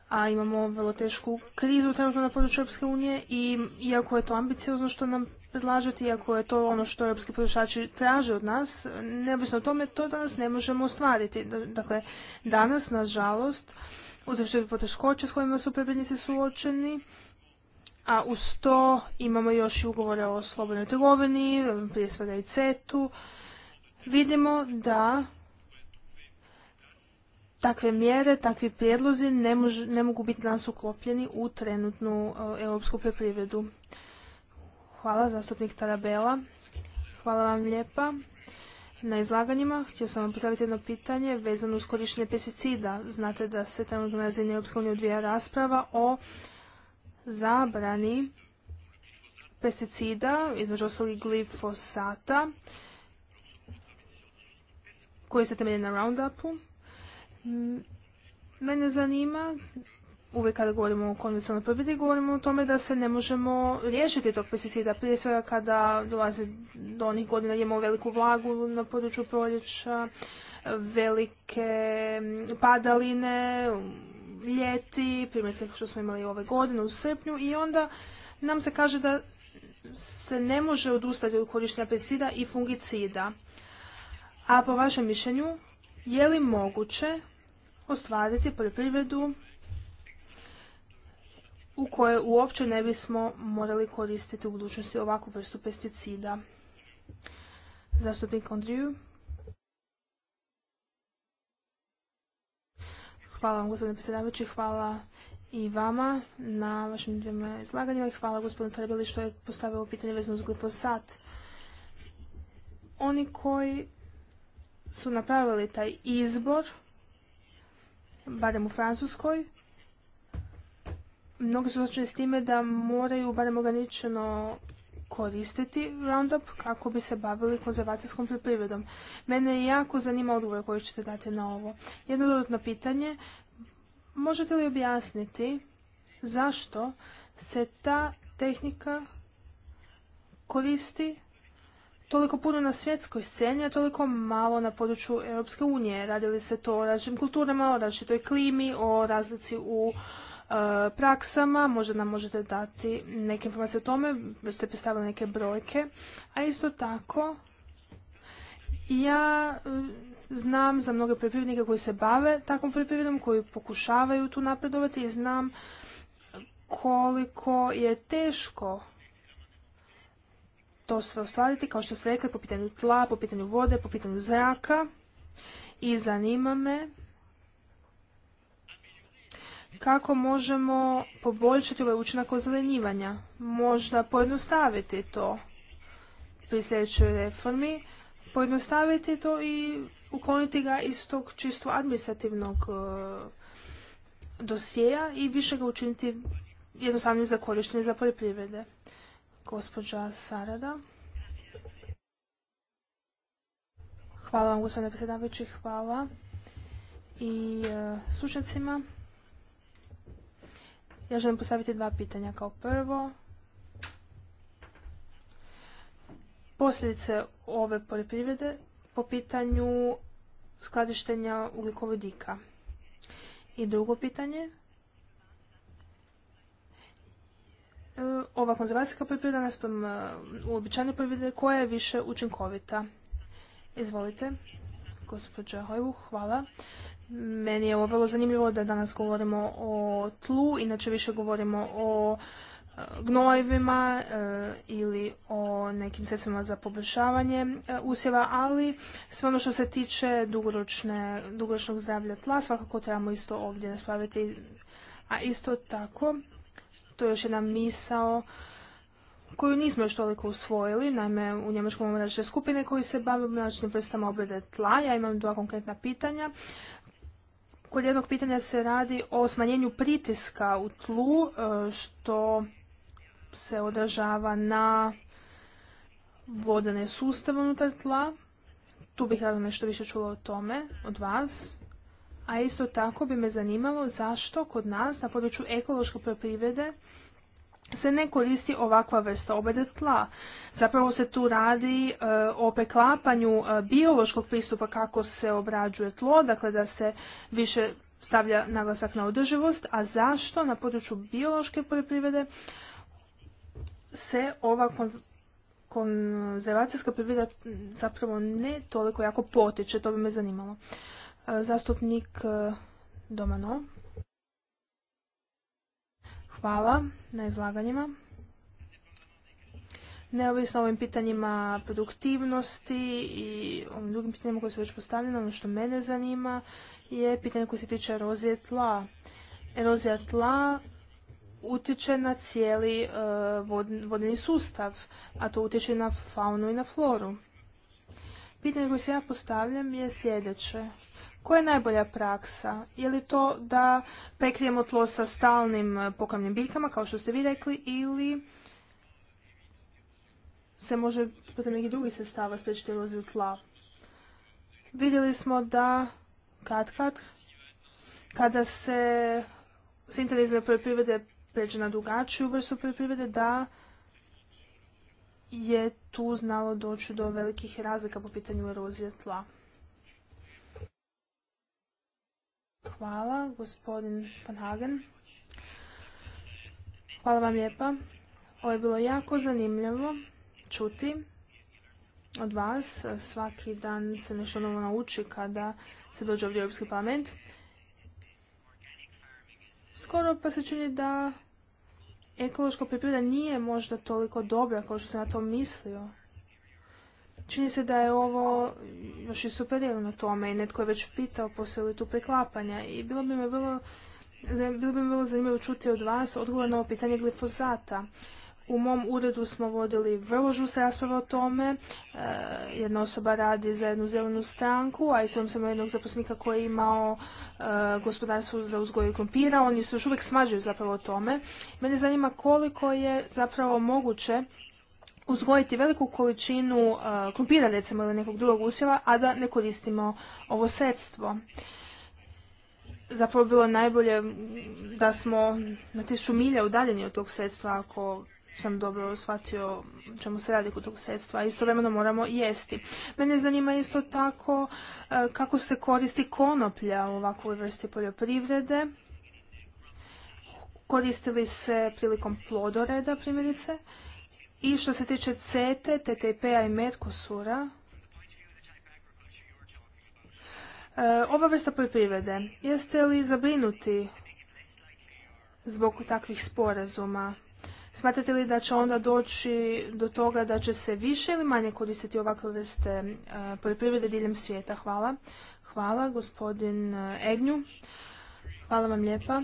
a imamo vrlo tešku krizu trenutno na području Europske unije i iako je to ambiciozno što nam predlažete, iako je to ono što europski potrošači traže od nas, neovisno o tome, to danas ne možemo ostvariti. Dakle, danas, nažalost, uzrešte poteškoće s kojima su prebrednici suočeni, a uz to imamo još i ugovore o slobodnoj trgovini, prije svega i CETU, vidimo da takve mjere, takvi prijedlozi ne, ne mogu biti danas uklopljeni u trenutnu e, europsku poljoprivredu. Hvala zastupnik Tarabela. Hvala vam lijepa na izlaganjima. Htio sam vam postaviti jedno pitanje vezano uz korištenje pesticida. Znate da se trenutno na razini Europske unije odvija rasprava o zabrani pesticida, između ostalih glifosata, koji se temelje na Roundupu. Mene zanima, uvijek kada govorimo o konvencionalnoj pobjedi, govorimo o tome da se ne možemo riješiti tog pesticida. Prije svega kada dolazi do onih godina gdje imamo veliku vlagu na području proljeća, velike padaline, ljeti, primjerice što smo imali ove godine u srpnju i onda nam se kaže da se ne može odustati od korištenja pesticida i fungicida. A po vašem mišljenju, je li moguće ostvariti poljoprivredu u kojoj uopće ne bismo morali koristiti u budućnosti ovakvu vrstu pesticida. Zastupnik Andriju. Hvala vam gospodine predsjedavajući, hvala i vama na vašim dvijema izlaganjima i hvala gospodinu Trebeli što je postavio pitanje vezano uz glifosat. Oni koji su napravili taj izbor barem u Francuskoj, mnogi su s time da moraju barem ograničeno koristiti Roundup kako bi se bavili konzervacijskom poljoprivredom. Mene jako zanima odgovor koji ćete dati na ovo. Jedno dodatno pitanje, možete li objasniti zašto se ta tehnika koristi toliko puno na svjetskoj sceni, a toliko malo na području Europske unije. Radili se to o različitim kulturama, o različitoj klimi, o razlici u e, praksama. Možda nam možete dati neke informacije o tome, već ste predstavili neke brojke. A isto tako, ja e, znam za mnoge poljoprivrednike koji se bave takvom poljoprivredom, koji pokušavaju tu napredovati i znam koliko je teško to sve ostvariti, kao što ste rekli, po pitanju tla, po pitanju vode, po pitanju zraka. I zanima me kako možemo poboljšati ovaj učinak ozelenjivanja. Možda pojednostaviti to pri sljedećoj reformi, pojednostaviti to i ukloniti ga iz tog čisto administrativnog e, dosjeja i više ga učiniti jednostavnim za korištenje za poljoprivrede. Gospođa Sarada. Hvala vam, gospodine predsjedavajući, hvala i e, Ja želim postaviti dva pitanja. Kao prvo, posljedice ove poljoprivrede po pitanju skladištenja ugljikovodika. I drugo pitanje, E, ova konzervacijska poljoprivreda naspram e, uobičajene poljoprivrede koja je više učinkovita? Izvolite, gospođa Hojvu, hvala. Meni je ovo vrlo zanimljivo da danas govorimo o tlu, inače više govorimo o e, gnojivima ili o nekim sredstvima za poboljšavanje usjeva, ali sve ono što se tiče dugoročnog zdravlja tla svakako trebamo isto ovdje raspraviti. A isto tako to je još jedna misao koju nismo još toliko usvojili. Naime, u Njemačkom imamo skupine koji se bave mračnim vrstama obrade tla. Ja imam dva konkretna pitanja. Kod jednog pitanja se radi o smanjenju pritiska u tlu, e, što se održava na vodene sustave unutar tla. Tu bih rado nešto više čula o tome od vas. A isto tako bi me zanimalo zašto kod nas na području ekološke poljoprivrede se ne koristi ovakva vrsta obrade tla. Zapravo se tu radi e, o preklapanju e, biološkog pristupa kako se obrađuje tlo, dakle da se više stavlja naglasak na održivost, a zašto na području biološke poljoprivrede se ova konzervacijska poljoprivreda zapravo ne toliko jako potiče, to bi me zanimalo. E, zastupnik Domano. Hvala na izlaganjima. Neovisno o ovim pitanjima produktivnosti i ovim drugim pitanjima koje su već postavljene, ono što mene zanima je pitanje koje se tiče erozije tla. Erozija tla utječe na cijeli e, vodni sustav, a to utječe na faunu i na floru. Pitanje koje se ja postavljam je sljedeće. Koja je najbolja praksa? Je li to da prekrijemo tlo sa stalnim eh, pokamnim biljkama, kao što ste vi rekli, ili se može putem nekih drugih sredstava spriječiti eroziju tla? Vidjeli smo da kad kad, kada se sintetizne poljoprivrede pređe na drugačiju vrstu poljoprivrede, da je tu znalo doći do velikih razlika po pitanju erozije tla. Hvala, gospodin Hagen. Hvala vam lijepa. Ovo je bilo jako zanimljivo čuti od vas. Svaki dan se nešto novo nauči kada se dođe ovdje u Europski parlament. Skoro pa se čini da ekološka priprivreda nije možda toliko dobra kao što sam na to mislio Čini se da je ovo još i superirano tome i netko je već pitao poslije li tu preklapanja i bilo bi me vrlo bilo bi mi vrlo zanimljivo čuti od vas odgovor na ovo pitanje glifozata. U mom uredu smo vodili vrlo žustre rasprave o tome. Eh, jedna osoba radi za jednu zelenu stranku, a i svojom sam jednog zaposlenika koji je imao eh, gospodarstvo za uzgoj krompira. Oni se još uvijek smađaju zapravo o tome. Mene zanima koliko je zapravo moguće uzgojiti veliku količinu uh, krumpira recimo ili nekog drugog usjeva, a da ne koristimo ovo sredstvo. Zapravo bilo najbolje da smo na tisuću milja udaljeni od tog sredstva ako sam dobro shvatio čemu se radi kod tog sredstva. Istovremeno moramo jesti. Mene zanima isto tako uh, kako se koristi konoplja u ovakvoj vrsti poljoprivrede. Koristili se prilikom plodoreda primjerice. I što se tiče CETE, ttp a i Mercosura, e, ova vrsta poljoprivrede, jeste li zabrinuti zbog takvih sporazuma? Smatrate li da će onda doći do toga da će se više ili manje koristiti ovakve vrste e, poljoprivrede diljem svijeta? Hvala. Hvala, gospodin e, Egnju. Hvala vam lijepa.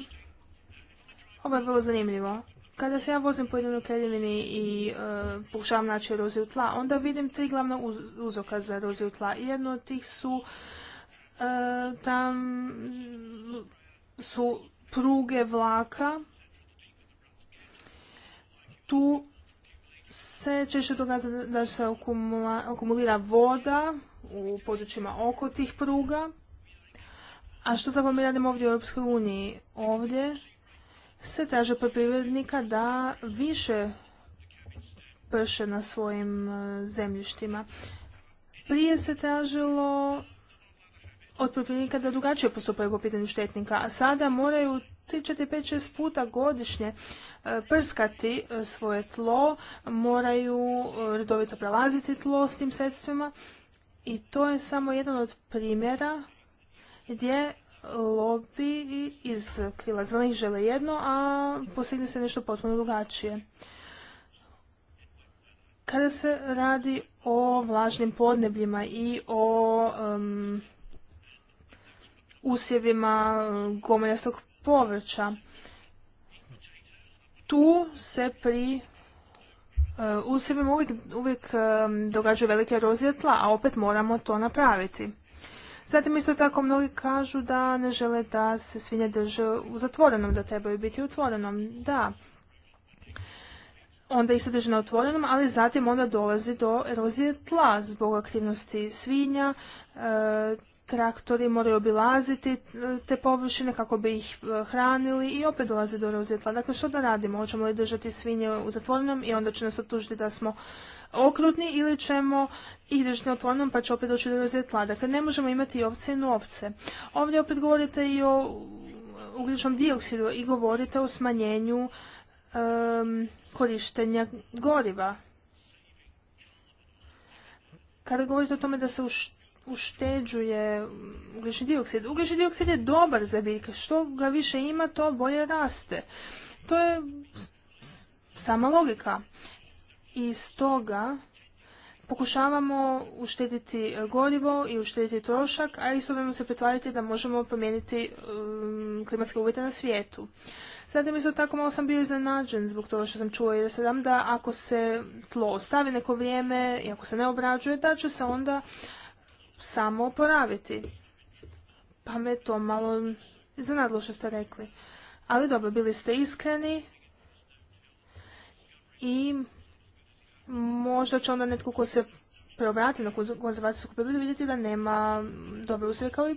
Ovo je vrlo zanimljivo. Kada se ja vozim po jednoj i e, pokušavam naći eroziju tla, onda vidim tri glavna uzoka uzroka za eroziju tla. Jedno od tih su e, su pruge vlaka. Tu se češće događa da se akumulira voda u područjima oko tih pruga. A što zapravo mi radimo ovdje u Europskoj uniji? Ovdje se traže poljoprivrednika da više prše na svojim e, zemljištima. Prije se tražilo od poljoprivrednika da drugačije postupaju po pitanju štetnika, a sada moraju 3, 4, 5, 6 puta godišnje e, prskati e, svoje tlo, moraju redovito prelaziti tlo s tim sredstvima i to je samo jedan od primjera gdje lobi iz krila zelenih žele jedno, a postigne se nešto potpuno drugačije. Kada se radi o vlažnim podnebljima i o usjevima gomeljastog povrća, tu se pri e, usjevima uvijek, događaju velike erozije a opet moramo to napraviti. Zatim isto tako mnogi kažu da ne žele da se svinje drže u zatvorenom, da trebaju biti u otvorenom. Da, onda ih se drže na otvorenom, ali zatim onda dolazi do erozije tla zbog aktivnosti svinja, e, traktori moraju obilaziti e, te površine kako bi ih e, hranili i opet dolazi do erozije tla. Dakle, što da radimo? Hoćemo li držati svinje u zatvorenom i onda će nas otužiti da smo okrutni ili ćemo ih na pa će opet doći do tla. Dakle, ne možemo imati ovce i novce. Ovdje opet govorite i o ugljičnom dioksidu i govorite o smanjenju korištenja goriva. Kada govorite o tome da se ušteđuje ugljični dioksid, ugljični dioksid je dobar za biljke. Što ga više ima, to bolje raste. To je sama logika i stoga pokušavamo uštediti e, gorivo i uštediti trošak, a istovremeno se pretvariti da možemo promijeniti um, klimatske uvjete na svijetu. Zatim isto tako malo sam bio iznenađen zbog toga što sam čuo jer se da ako se tlo ostavi neko vrijeme i ako se ne obrađuje da će se onda samo oporaviti. Pa me to malo iznenadilo što ste rekli. Ali dobro, bili ste iskreni i možda će onda netko ko se preobrati na konzervacijsku pobjedu vidjeti da nema dobro usjeve kao i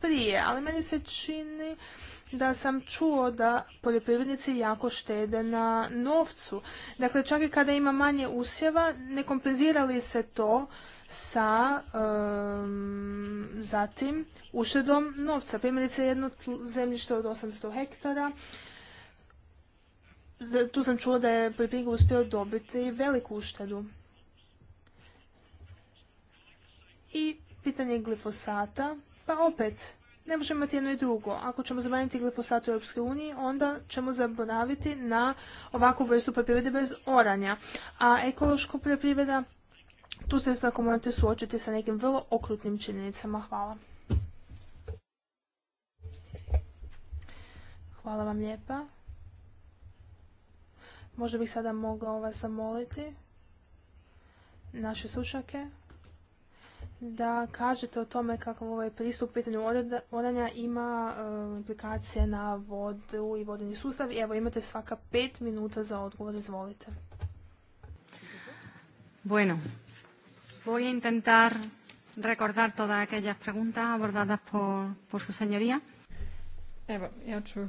prije, ali meni se čini da sam čuo da poljoprivrednici jako štede na novcu. Dakle, čak i kada ima manje usjeva, ne li se to sa zatim uštedom novca. Primjerice jedno zemljište od 800 hektara tu sam čuo da je poljoprivrednik uspio dobiti veliku uštedu. I pitanje glifosata, pa opet, ne možemo imati jedno i drugo. Ako ćemo zabraniti glifosat u Europskoj uniji, onda ćemo zaboraviti na ovakvu vrstu poljoprivrede bez oranja. A ekološka poljoprivreda, tu se tako morate suočiti sa nekim vrlo okrutnim činjenicama. Hvala. Hvala vam lijepa. Možda bih sada mogao vas zamoliti, naše sučake da kažete o tome kako ovaj pristup pitanju odanja ima e, implikacije na vodu i vodeni sustav. Evo, imate svaka pet minuta za odgovor, izvolite. Bueno, voy a intentar recordar todas aquellas preguntas abordadas por, por su señoría. Evo, ja ću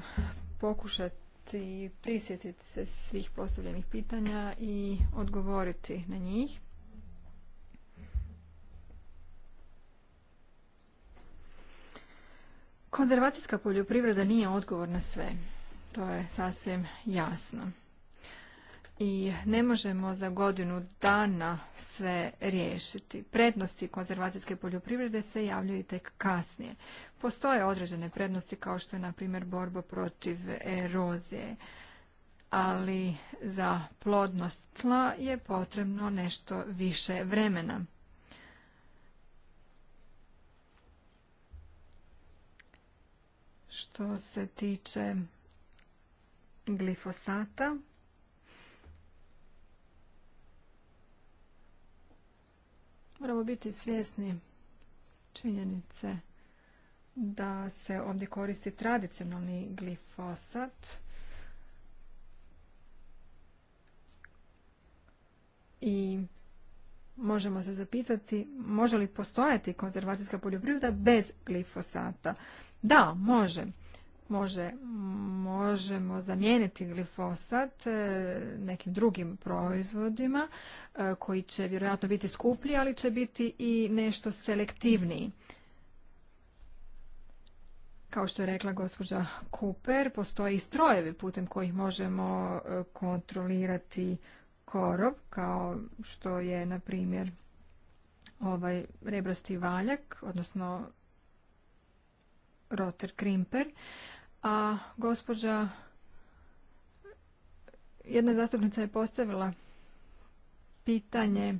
pokušati i prisjetiti se svih postavljenih pitanja i odgovoriti na njih. Konzervacijska poljoprivreda nije odgovor na sve. To je sasvim jasno i ne možemo za godinu dana sve riješiti. Prednosti konzervacijske poljoprivrede se javljaju tek kasnije. Postoje određene prednosti kao što je na primjer borba protiv erozije, ali za plodnost tla je potrebno nešto više vremena. Što se tiče glifosata, Moramo biti svjesni činjenice da se ovdje koristi tradicionalni glifosat i možemo se zapitati može li postojati konzervacijska poljoprivreda bez glifosata. Da, može može, možemo zamijeniti glifosat e, nekim drugim proizvodima e, koji će vjerojatno biti skuplji, ali će biti i nešto selektivniji. Kao što je rekla gospođa Cooper, postoje i strojevi putem kojih možemo e, kontrolirati korov, kao što je, na primjer, ovaj rebrasti valjak, odnosno roter krimper a gospođa jedna zastupnica je postavila pitanje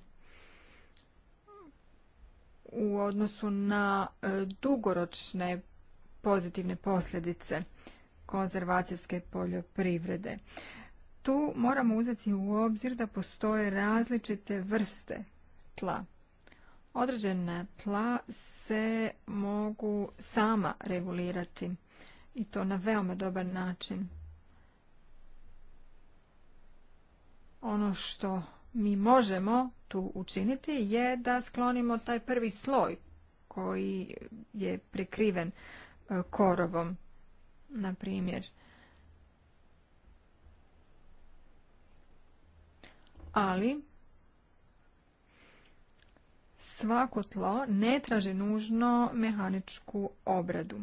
u odnosu na e, dugoročne pozitivne posljedice konzervacijske poljoprivrede. Tu moramo uzeti u obzir da postoje različite vrste tla. Određena tla se mogu sama regulirati i to na veoma dobar način. Ono što mi možemo tu učiniti je da sklonimo taj prvi sloj koji je prekriven e, korovom, na primjer. Ali svako tlo ne traži nužno mehaničku obradu.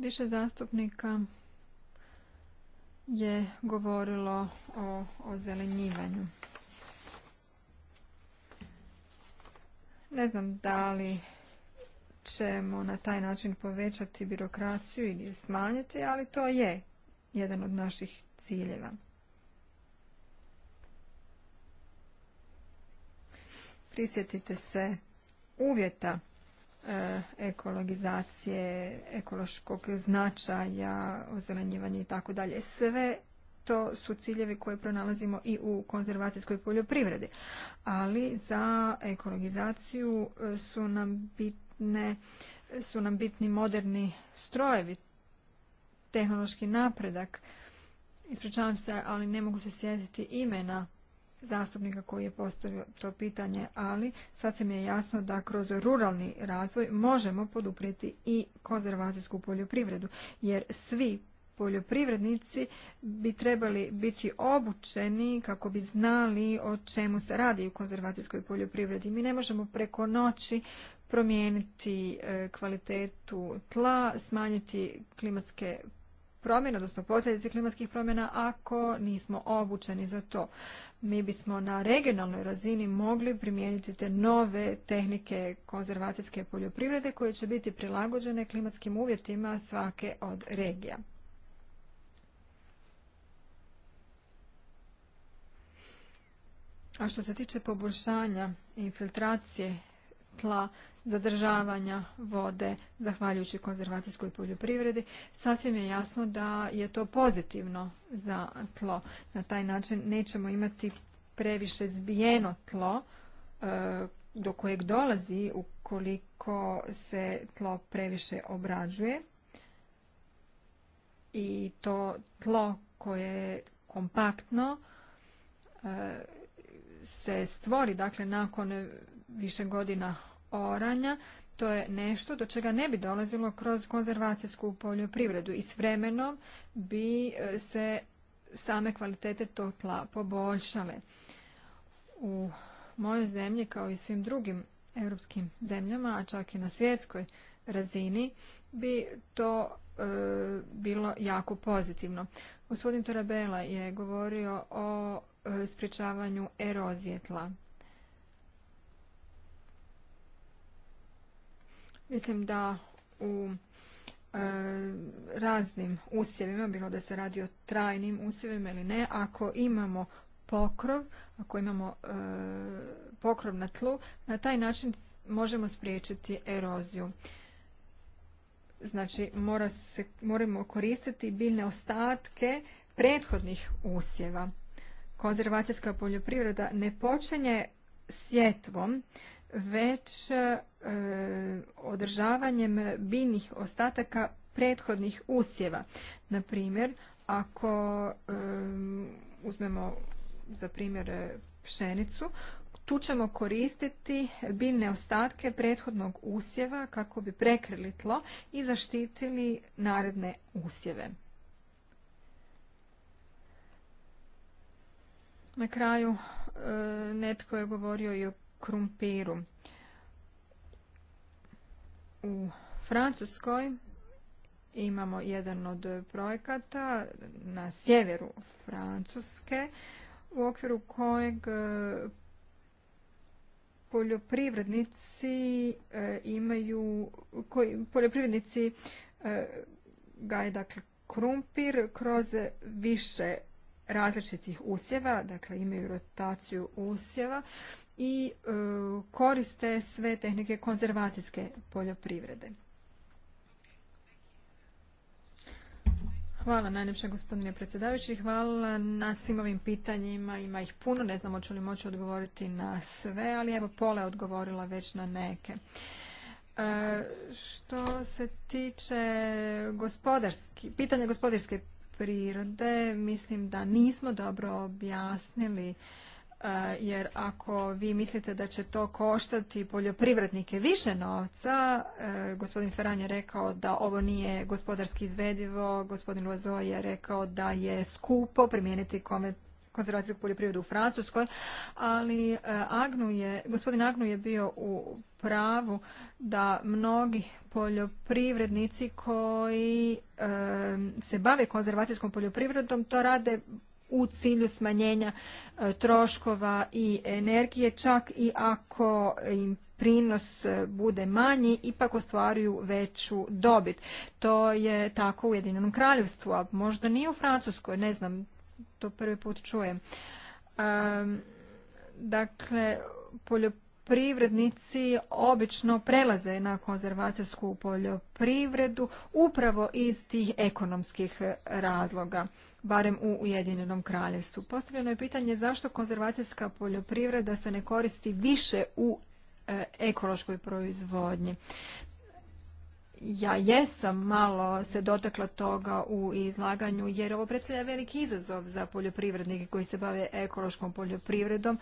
Više zastupnika je govorilo o ozelenjivanju. Ne znam da li ćemo na taj način povećati birokraciju ili smanjiti, ali to je jedan od naših ciljeva. Prisjetite se uvjeta E, ekologizacije, ekološkog značaja, ozelenjivanje i tako dalje. Sve to su ciljevi koje pronalazimo i u konzervacijskoj poljoprivredi. Ali za ekologizaciju e, su nam bitne su nam bitni moderni strojevi, tehnološki napredak. Ispričavam se, ali ne mogu se sjetiti imena zastupnika koji je postavio to pitanje, ali sasvim je jasno da kroz ruralni razvoj možemo poduprijeti i konzervacijsku poljoprivredu, jer svi poljoprivrednici bi trebali biti obučeni kako bi znali o čemu se radi u konzervacijskoj poljoprivredi. Mi ne možemo preko noći promijeniti e, kvalitetu tla, smanjiti klimatske promjene, odnosno posljedice klimatskih promjena ako nismo obučeni za to mi bismo na regionalnoj razini mogli primijeniti te nove tehnike konzervacijske poljoprivrede koje će biti prilagođene klimatskim uvjetima svake od regija. A što se tiče poboljšanja infiltracije tla zadržavanja vode zahvaljujući konzervacijskoj poljoprivredi, sasvim je jasno da je to pozitivno za tlo. Na taj način nećemo imati previše zbijeno tlo e, do kojeg dolazi ukoliko se tlo previše obrađuje i to tlo koje je kompaktno e, se stvori dakle nakon više godina oranja, to je nešto do čega ne bi dolazilo kroz konzervacijsku poljoprivredu i s vremenom bi e, se same kvalitete tog tla poboljšale. U mojoj zemlji kao i svim drugim europskim zemljama, a čak i na svjetskoj razini, bi to e, bilo jako pozitivno. Gospodin Torabela je govorio o e, erozije tla. Mislim da u e, raznim usjevima, bilo da se radi o trajnim usjevima ili ne, ako imamo pokrov, ako imamo e, pokrov na tlu, na taj način možemo spriječiti eroziju. Znači, mora se, moramo koristiti biljne ostatke prethodnih usjeva. Konzervacijska poljoprivreda ne počinje sjetvom, već e, održavanjem biljnih ostataka prethodnih usjeva. Na primjer, ako e, uzmemo za primjer e, pšenicu, tu ćemo koristiti biljne ostatke prethodnog usjeva kako bi prekrili tlo i zaštitili naredne usjeve. Na kraju netko je govorio i o krumpiru. U Francuskoj imamo jedan od projekata na sjeveru Francuske u okviru kojeg e, poljoprivrednici e, imaju poljoprivrednici e, gaje dakle krumpir kroz više različitih usjeva, dakle imaju rotaciju usjeva i e, koriste sve tehnike konzervacijske poljoprivrede. Hvala najljepše gospodine predsjedavajući. Hvala na svim ovim pitanjima. Ima ih puno. Ne znamo ću li moći odgovoriti na sve, ali evo Pola je odgovorila već na neke. E, što se tiče gospodarski, pitanja gospodarske prirode, mislim da nismo dobro objasnili E, jer ako vi mislite da će to koštati poljoprivrednike više novca, e, gospodin Ferran je rekao da ovo nije gospodarski izvedivo, gospodin Lozo je rekao da je skupo primijeniti konzervaciju poljoprivredu u Francuskoj, ali e, Agnu je, gospodin Agnu je bio u pravu da mnogi poljoprivrednici koji se bave konzervacijskom poljoprivredom to rade u cilju smanjenja e, troškova i energije, čak i ako im prinos e, bude manji, ipak ostvaruju veću dobit. To je tako u Ujedinjenom kraljevstvu, a možda nije u Francuskoj, ne znam, to prvi put čujem. dakle, poljoprivrednici obično prelaze na konzervacijsku poljoprivredu upravo iz tih ekonomskih e, razloga barem u Ujedinjenom kraljevstvu. Postavljeno je pitanje zašto konzervacijska poljoprivreda se ne koristi više u e, ekološkoj proizvodnji. Ja jesam malo se dotakla toga u izlaganju jer ovo predstavlja veliki izazov za poljoprivrednike koji se bave ekološkom poljoprivredom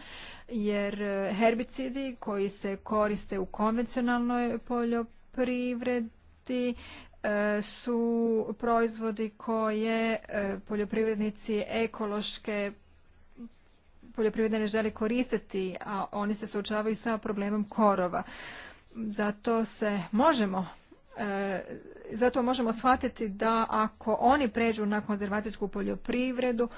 jer e, herbicidi koji se koriste u konvencionalnoj poljoprivredi E, su proizvodi koje e, poljoprivrednici ekološke poljoprivredne ne žele koristiti, a oni se suočavaju sa problemom korova. Zato se možemo e, zato možemo shvatiti da ako oni pređu na konzervacijsku poljoprivredu,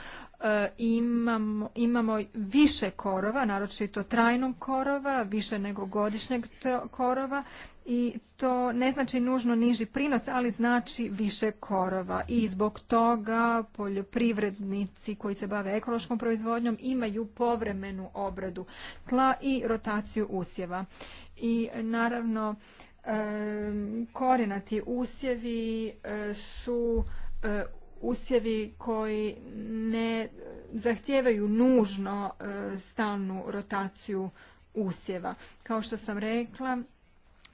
E, imamo, imamo više korova, naročito trajnog korova, više nego godišnjeg korova i to ne znači nužno niži prinos, ali znači više korova i zbog toga poljoprivrednici koji se bave ekološkom proizvodnjom imaju povremenu obradu tla i rotaciju usjeva. I naravno e, korenati usjevi e, su usjevi koji ne zahtijevaju nužno e, stalnu rotaciju usjeva. Kao što sam rekla,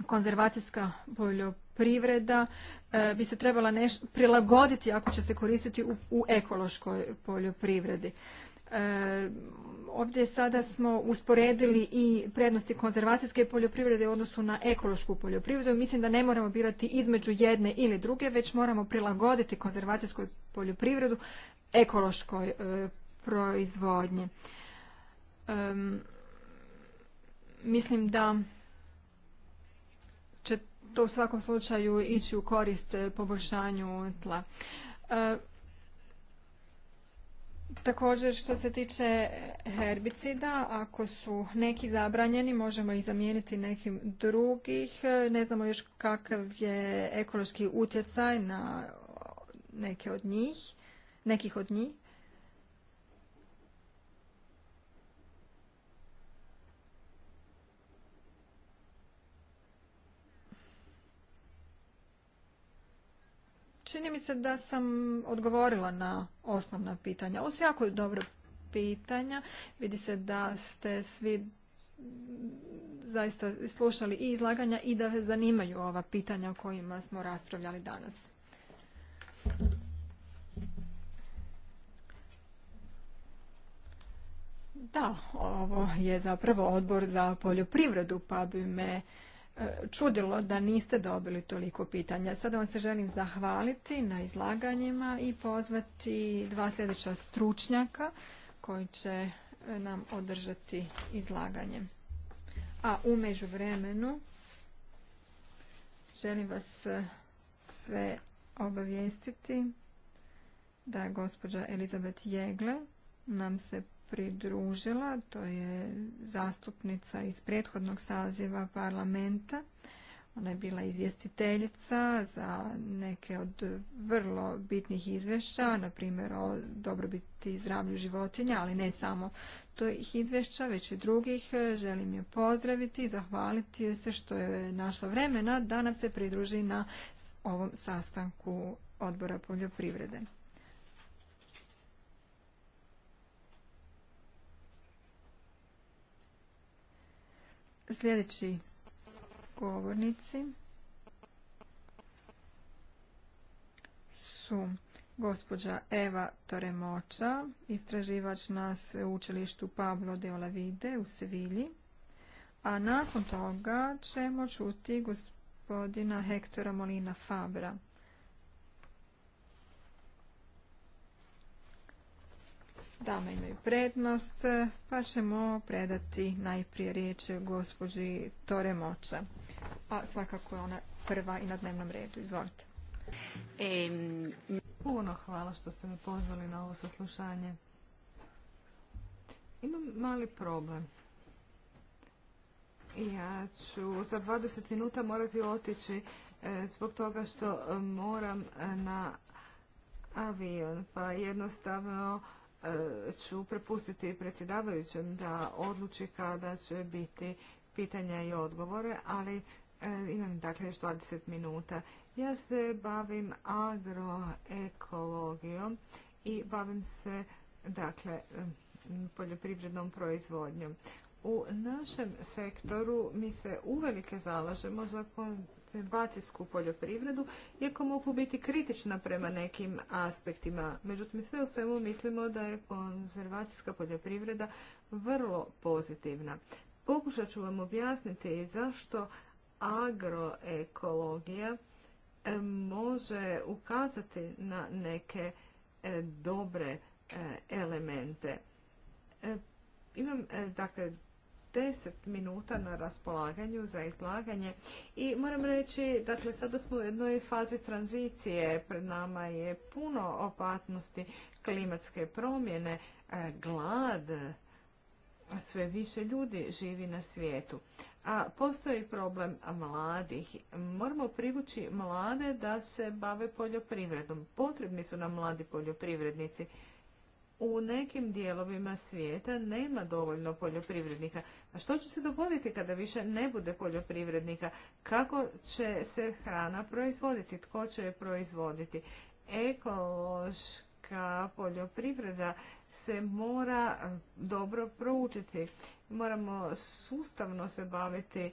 konzervacijska poljoprivreda e, bi se trebala prilagoditi ako će se koristiti u ekološkoj poljoprivredi. E, ovdje sada smo usporedili i prednosti konzervacijske poljoprivrede u odnosu na ekološku poljoprivredu. Mislim da ne moramo birati između jedne ili druge, već moramo prilagoditi konzervacijsku poljoprivredu ekološkoj e, proizvodnji. E, mislim da će to u svakom slučaju ići u korist poboljšanju tla. Također što se tiče herbicida, ako su neki zabranjeni, možemo ih zamijeniti nekim drugih. Ne znamo još kakav je ekološki utjecaj na neke od njih, nekih od njih. Čini mi se da sam odgovorila na osnovna pitanja. Ovo su jako dobro pitanja. Vidi se da ste svi zaista slušali i izlaganja i da zanimaju ova pitanja o kojima smo raspravljali danas. Da, ovo je zapravo odbor za poljoprivredu, pa bi me E, čudilo da niste dobili toliko pitanja. Sada vam se želim zahvaliti na izlaganjima i pozvati dva sljedeća stručnjaka koji će e, nam održati izlaganje. A u međuvremenu želim vas e, sve obavijestiti da je gospođa Elizabet Jegle nam se pridružila, to je zastupnica iz prethodnog saziva parlamenta. Ona je bila izvjestiteljica za neke od vrlo bitnih izvješća, na primjer o dobrobiti i zdravlju životinja, ali ne samo tih izvješća, već i drugih. Želim je pozdraviti i zahvaliti joj se što je našla vremena da nam se pridruži na ovom sastanku odbora poljoprivrede. Sljedeći govornici su gospođa Eva Toremoča, istraživač na sveučilištu Pablo de Olavide u Sevilji, a nakon toga ćemo čuti gospodina Hektora Molina Fabra dame imaju prednost, pa ćemo predati najprije riječ gospođi Tore Moča. A svakako je ona prva i na dnevnom redu. Izvolite. puno hvala što ste me pozvali na ovo saslušanje. Imam mali problem. Ja ću za 20 minuta morati otići e, zbog toga što e, moram e, na avion, pa jednostavno ću prepustiti predsjedavajućem da odluči kada će biti pitanja i odgovore, ali e, imam dakle još 20 minuta. Ja se bavim agroekologijom i bavim se dakle poljoprivrednom proizvodnjom. U našem sektoru mi se uvelike zalažemo za konzervacijsku poljoprivredu, iako mogu biti kritična prema nekim aspektima. Međutim, sve u svemu mislimo da je konzervacijska poljoprivreda vrlo pozitivna. Pokušat ću vam objasniti zašto agroekologija e, može ukazati na neke e, dobre e, elemente. Imam dakle 10 minuta na raspolaganju za izlaganje i moram reći, dakle, sada smo u jednoj fazi tranzicije, pred nama je puno opatnosti klimatske promjene, e, glad, sve više ljudi živi na svijetu. A postoji problem mladih. Moramo privući mlade da se bave poljoprivredom. Potrebni su nam mladi poljoprivrednici u nekim dijelovima svijeta nema dovoljno poljoprivrednika. A što će se dogoditi kada više ne bude poljoprivrednika? Kako će se hrana proizvoditi? Tko će je proizvoditi? Ekološka poljoprivreda se mora dobro proučiti. Moramo sustavno se baviti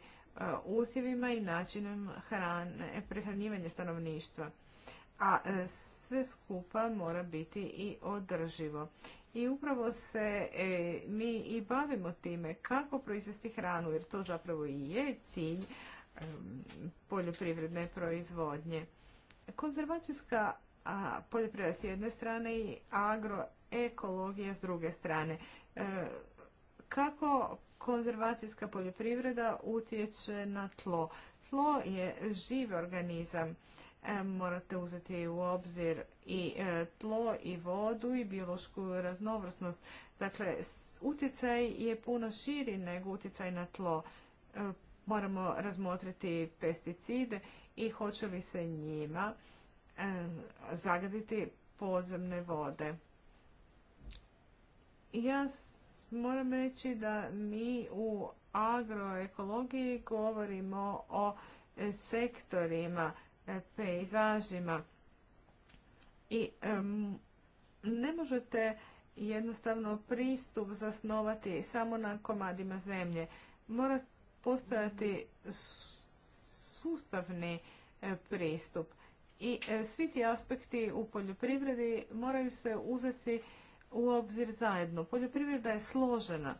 usjevima i načinom hrane, prehranjivanja stanovništva a e, sve skupa mora biti i održivo. I upravo se e, mi i bavimo time kako proizvesti hranu, jer to zapravo i je cilj e, poljoprivredne proizvodnje. Konzervacijska poljoprivreda s jedne strane i agroekologija s druge strane. kako konzervacijska poljoprivreda utječe na tlo? Tlo je živ organizam E, morate uzeti u obzir i e, tlo i vodu i biološku raznovrsnost. Dakle, utjecaj je puno širi nego utjecaj na tlo. E, moramo razmotriti pesticide i hoće li se njima zagaditi podzemne vode. Ja moram reći da mi u agroekologiji govorimo o sektorima pejzažima. I ne možete jednostavno pristup zasnovati samo na komadima zemlje. Mora postojati sustavni e, pristup. I e, svi ti aspekti u poljoprivredi moraju se uzeti u obzir zajedno. Poljoprivreda je složena,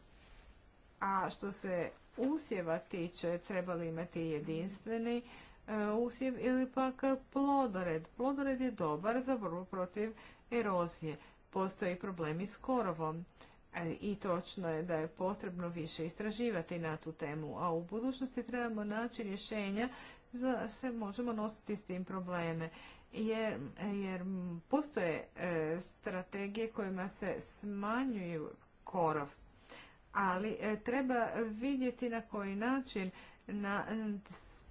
a što se usjeva tiče, trebali imati jedinstveni E, usjev ili pak plodored. Plodored je dobar za borbu protiv erozije. Postoji problemi s korovom e, i točno je da je potrebno više istraživati na tu temu, a u budućnosti trebamo naći rješenja za se možemo nositi s tim probleme. Jer, postoje e, strategije kojima se smanjuju korov, ali treba vidjeti na koji način na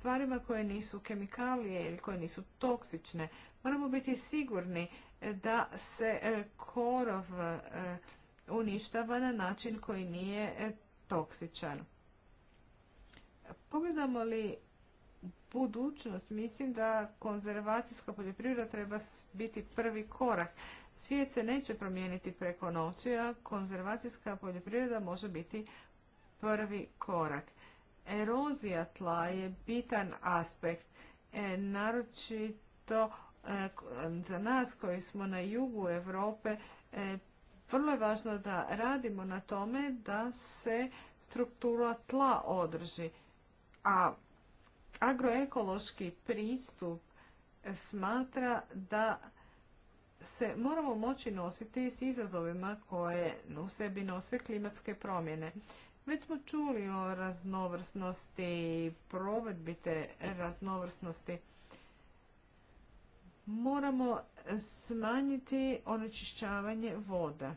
stvarima koje nisu kemikalije ili koje nisu toksične. Moramo biti sigurni e, da se e, korov e, uništava na način koji nije toksičan. Pogledamo li budućnost, mislim da konzervacijska poljoprivreda treba biti prvi korak. Svijet se neće promijeniti preko noći, a konzervacijska poljoprivreda može biti prvi korak. Erozija tla je bitan aspekt, e, naročito e, za nas koji smo na jugu Europe, e, vrlo je važno da radimo na tome da se struktura tla održi. A agroekološki pristup smatra da se moramo moći nositi s izazovima koje u sebi nose klimatske promjene. Već smo čuli o raznovrsnosti, provedbi te raznovrsnosti. Moramo smanjiti onečišćavanje voda.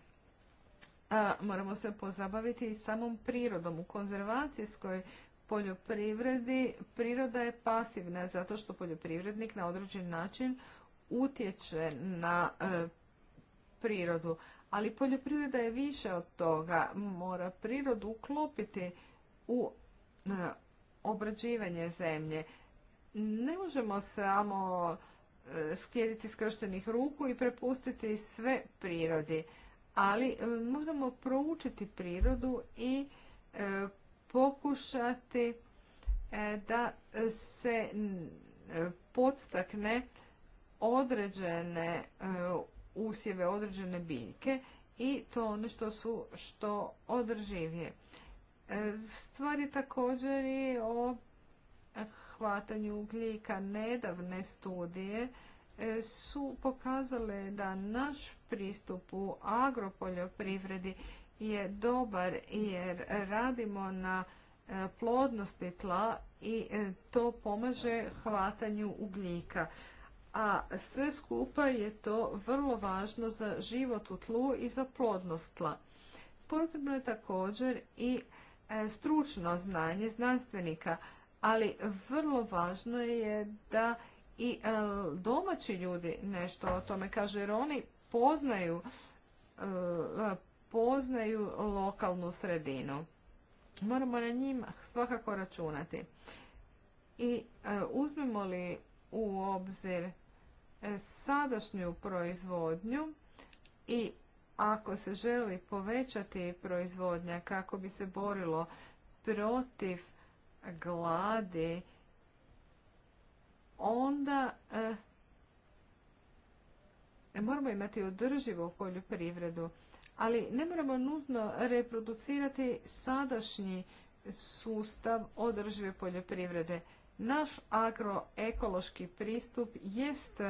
A moramo se pozabaviti i samom prirodom. U konzervacijskoj poljoprivredi priroda je pasivna zato što poljoprivrednik na određen način utječe na e, prirodu ali poljoprivreda je više od toga. Mora prirodu uklopiti u e, obrađivanje zemlje. Ne možemo samo e, skjeriti skrštenih ruku i prepustiti sve prirodi, ali e, moramo proučiti prirodu i pokušati da se podstakne određene usjeve određene biljke i to ono što su što održivije. E, stvar je također i o hvatanju ugljika. Nedavne studije e, su pokazale da naš pristup u agropoljoprivredi je dobar jer radimo na e, plodnosti tla i to pomaže hvatanju ugljika a sve skupa je to vrlo važno za život u tlu i za plodnost tla. Potrebno je također i e, stručno znanje znanstvenika, ali vrlo važno je da i e, domaći ljudi nešto o tome kaže, jer oni poznaju, e, poznaju lokalnu sredinu. Moramo na njima svakako računati. I uzmemo li u obzir E, sadašnju proizvodnju i ako se želi povećati proizvodnja kako bi se borilo protiv gladi, onda e, moramo imati održivu poljoprivredu, ali ne moramo nužno reproducirati sadašnji sustav održive poljoprivrede. Naš agroekološki pristup jest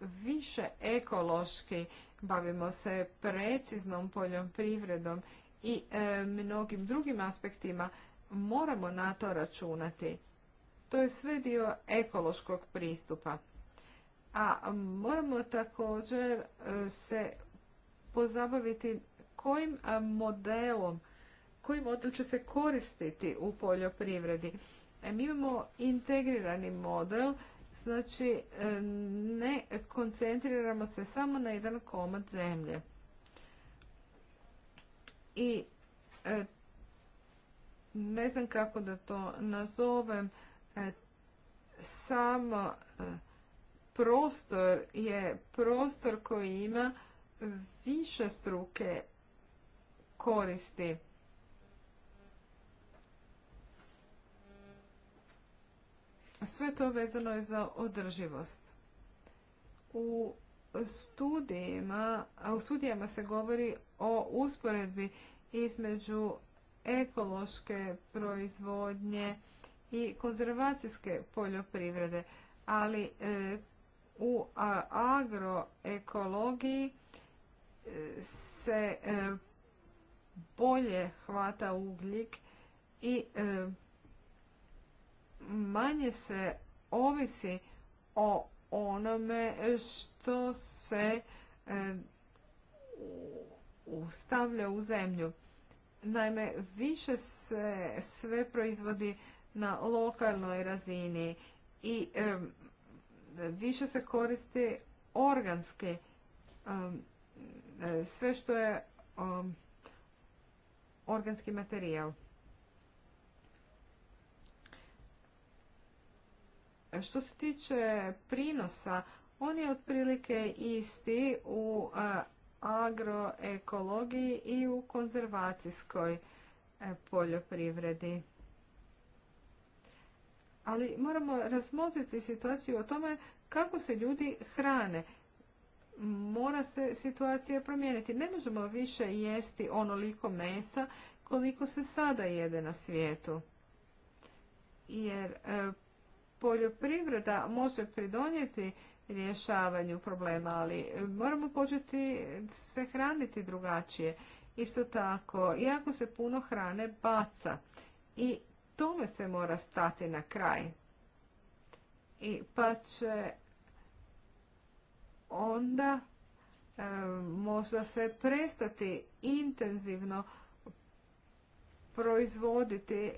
više ekološki. Bavimo se preciznom poljoprivredom i e, mnogim drugim aspektima. Moramo na to računati. To je sve dio ekološkog pristupa. A moramo također e, se pozabaviti kojim e, modelom, kojim model će se koristiti u poljoprivredi. E, mi imamo integrirani model, znači e, ne koncentriramo se samo na jedan komad zemlje. I e, ne znam kako da to nazovem, samo prostor je prostor koji ima više struke koristi. Sve to vezano je za održivost. U studijama a u studijama se govori o usporedbi između ekološke proizvodnje i konzervacijske poljoprivrede, ali e, u agroekologiji e, se e, bolje hvata ugljik i manje se ovisi o onome što se e, ustavlja u zemlju. Naime, više se sve proizvodi na lokalnoj razini i e, više se koristi organske e, sve što je organski materijal. Što se tiče prinosa, on je otprilike isti u e, agroekologiji i u konzervacijskoj e, poljoprivredi. Ali moramo razmotriti situaciju o tome kako se ljudi hrane. Mora se situacija promijeniti. Ne možemo više jesti onoliko mesa koliko se sada jede na svijetu. Jer e, poljoprivreda može pridonijeti rješavanju problema, ali moramo početi se hraniti drugačije. Isto tako, iako se puno hrane baca i tome se mora stati na kraj. I pa će onda e, možda se prestati intenzivno proizvoditi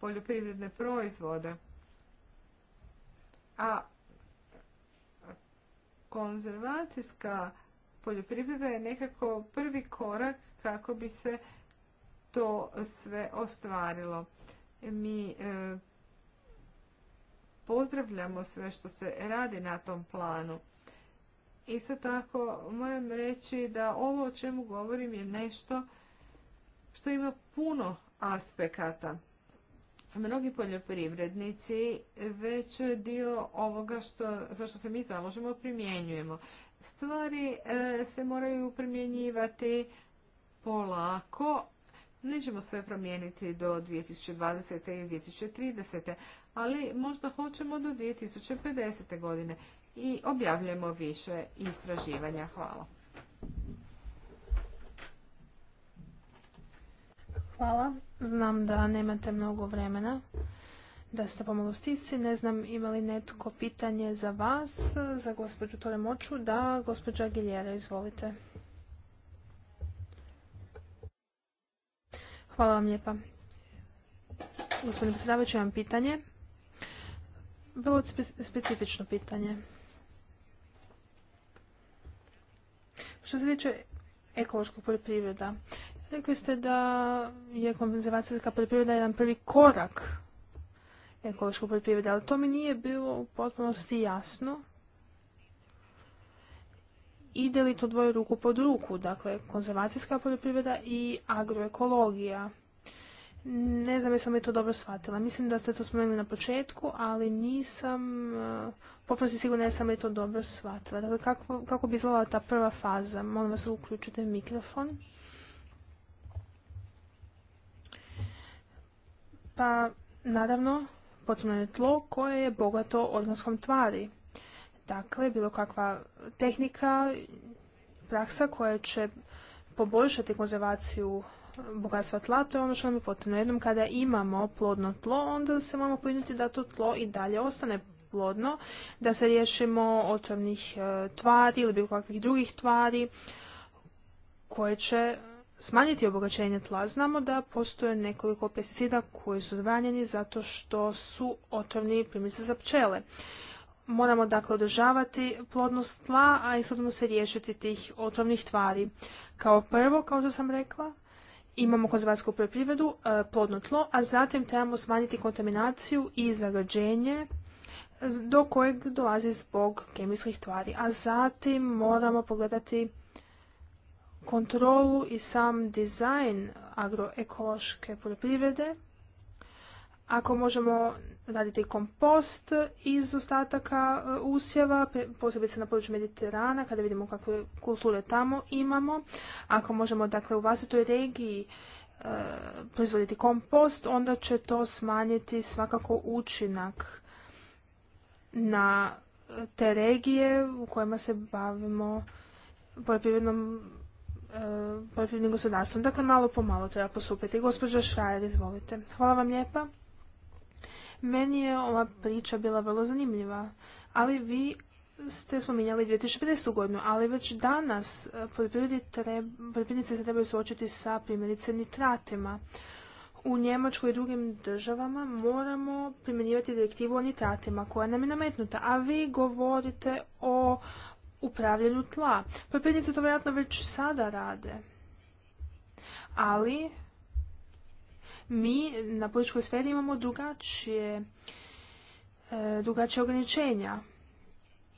poljoprivredne proizvode. A konzervacijska poljoprivreda je nekako prvi korak kako bi se to sve ostvarilo. Mi e, pozdravljamo sve što se radi na tom planu. Isto tako moram reći da ovo o čemu govorim je nešto što ima puno aspekata mnogi poljoprivrednici već dio ovoga što, za što se mi založimo primjenjujemo. Stvari e, se moraju primjenjivati polako. Nećemo sve promijeniti do 2020. i 2030. ali možda hoćemo do 2050. godine i objavljamo više istraživanja. Hvala. Hvala. Znam da nemate mnogo vremena, da ste pomalo stisci. Ne znam ima li netko pitanje za vas, za gospođu Toremoću. Da, gospođa Agiljera, izvolite. Hvala vam lijepa. Gospodin predsjedavajući, imam pitanje. Vrlo specifično pitanje. Što se tiče ekološkog poljoprivreda, Rekli ste da je kompenzacijska poljoprivreda jedan prvi korak ekološkog poljoprivrede, ali to mi nije bilo u potpunosti jasno. Ide li to dvoje ruku pod ruku, dakle konzervacijska poljoprivreda i agroekologija? Ne znam jesam li to dobro shvatila. Mislim da ste to spomenuli na početku, ali nisam, eh, poprosti sigurno jesam li to dobro shvatila. Dakle, kako, kako bi izgledala ta prva faza? Molim vas, uključite mikrofon. Pa, naravno, potrebno je tlo koje je bogato organskom tvari. Dakle, bilo kakva tehnika, praksa koja će poboljšati konzervaciju bogatstva tla, to je ono što nam je potrebno. Jednom kada imamo plodno tlo, onda se moramo pojinuti da to tlo i dalje ostane plodno, da se riješimo otrovnih e, tvari ili bilo kakvih drugih tvari koje će smanjiti obogaćenje tla, znamo da postoje nekoliko pesticida koji su zabranjeni zato što su otrovni primjerice za pčele. Moramo dakle održavati plodnost tla, a istodobno se riješiti tih otrovnih tvari. Kao prvo, kao što sam rekla, imamo konzervatsku poljoprivredu, e, plodno tlo, a zatim trebamo smanjiti kontaminaciju i zagađenje do kojeg dolazi zbog kemijskih tvari. A zatim moramo pogledati kontrolu i sam dizajn agroekološke poljoprivrede, ako možemo raditi kompost iz ostataka e, usjeva, posebice na području Mediterana, kada vidimo kakve kulture tamo imamo, ako možemo dakle u vlastitoj regiji e, proizvoditi kompost, onda će to smanjiti svakako učinak na e, te regije u kojima se bavimo poljoprivrednom E, poljoprivrednim gospodarstvom. Dakle, malo po malo treba postupiti. Gospođo Šrajer, izvolite. Hvala vam lijepa. Meni je ova priča bila vrlo zanimljiva, ali vi ste spominjali 2050. godinu, ali već danas e, poljoprivrednice se trebaju suočiti sa primjerice nitratima. U Njemačkoj i drugim državama moramo primjenjivati direktivu o nitratima koja nam je nametnuta, a vi govorite o upravljanju tla. Poljoprivrednici to vjerojatno već sada rade. Ali mi na političkoj sferi imamo drugačije, e, ograničenja.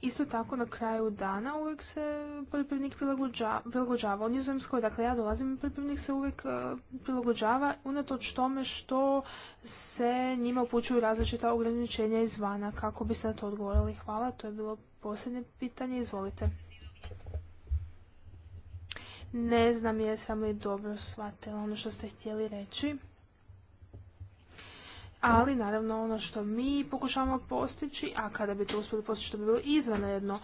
Isto tako na kraju dana uvijek se poljoprivrednik prilagođava. prilagođava. U Nizozemskoj, dakle ja dolazim, poljoprivrednik se uvijek e, prilagođava unatoč tome što se njima upućuju različita ograničenja izvana. Kako biste na to odgovorili? Hvala, to je bilo posljednje pitanje, izvolite. Ne znam jesam li dobro shvatila ono što ste htjeli reći. Ali naravno ono što mi pokušavamo postići, a kada bi to uspjeli postići to bi bilo izvanredno,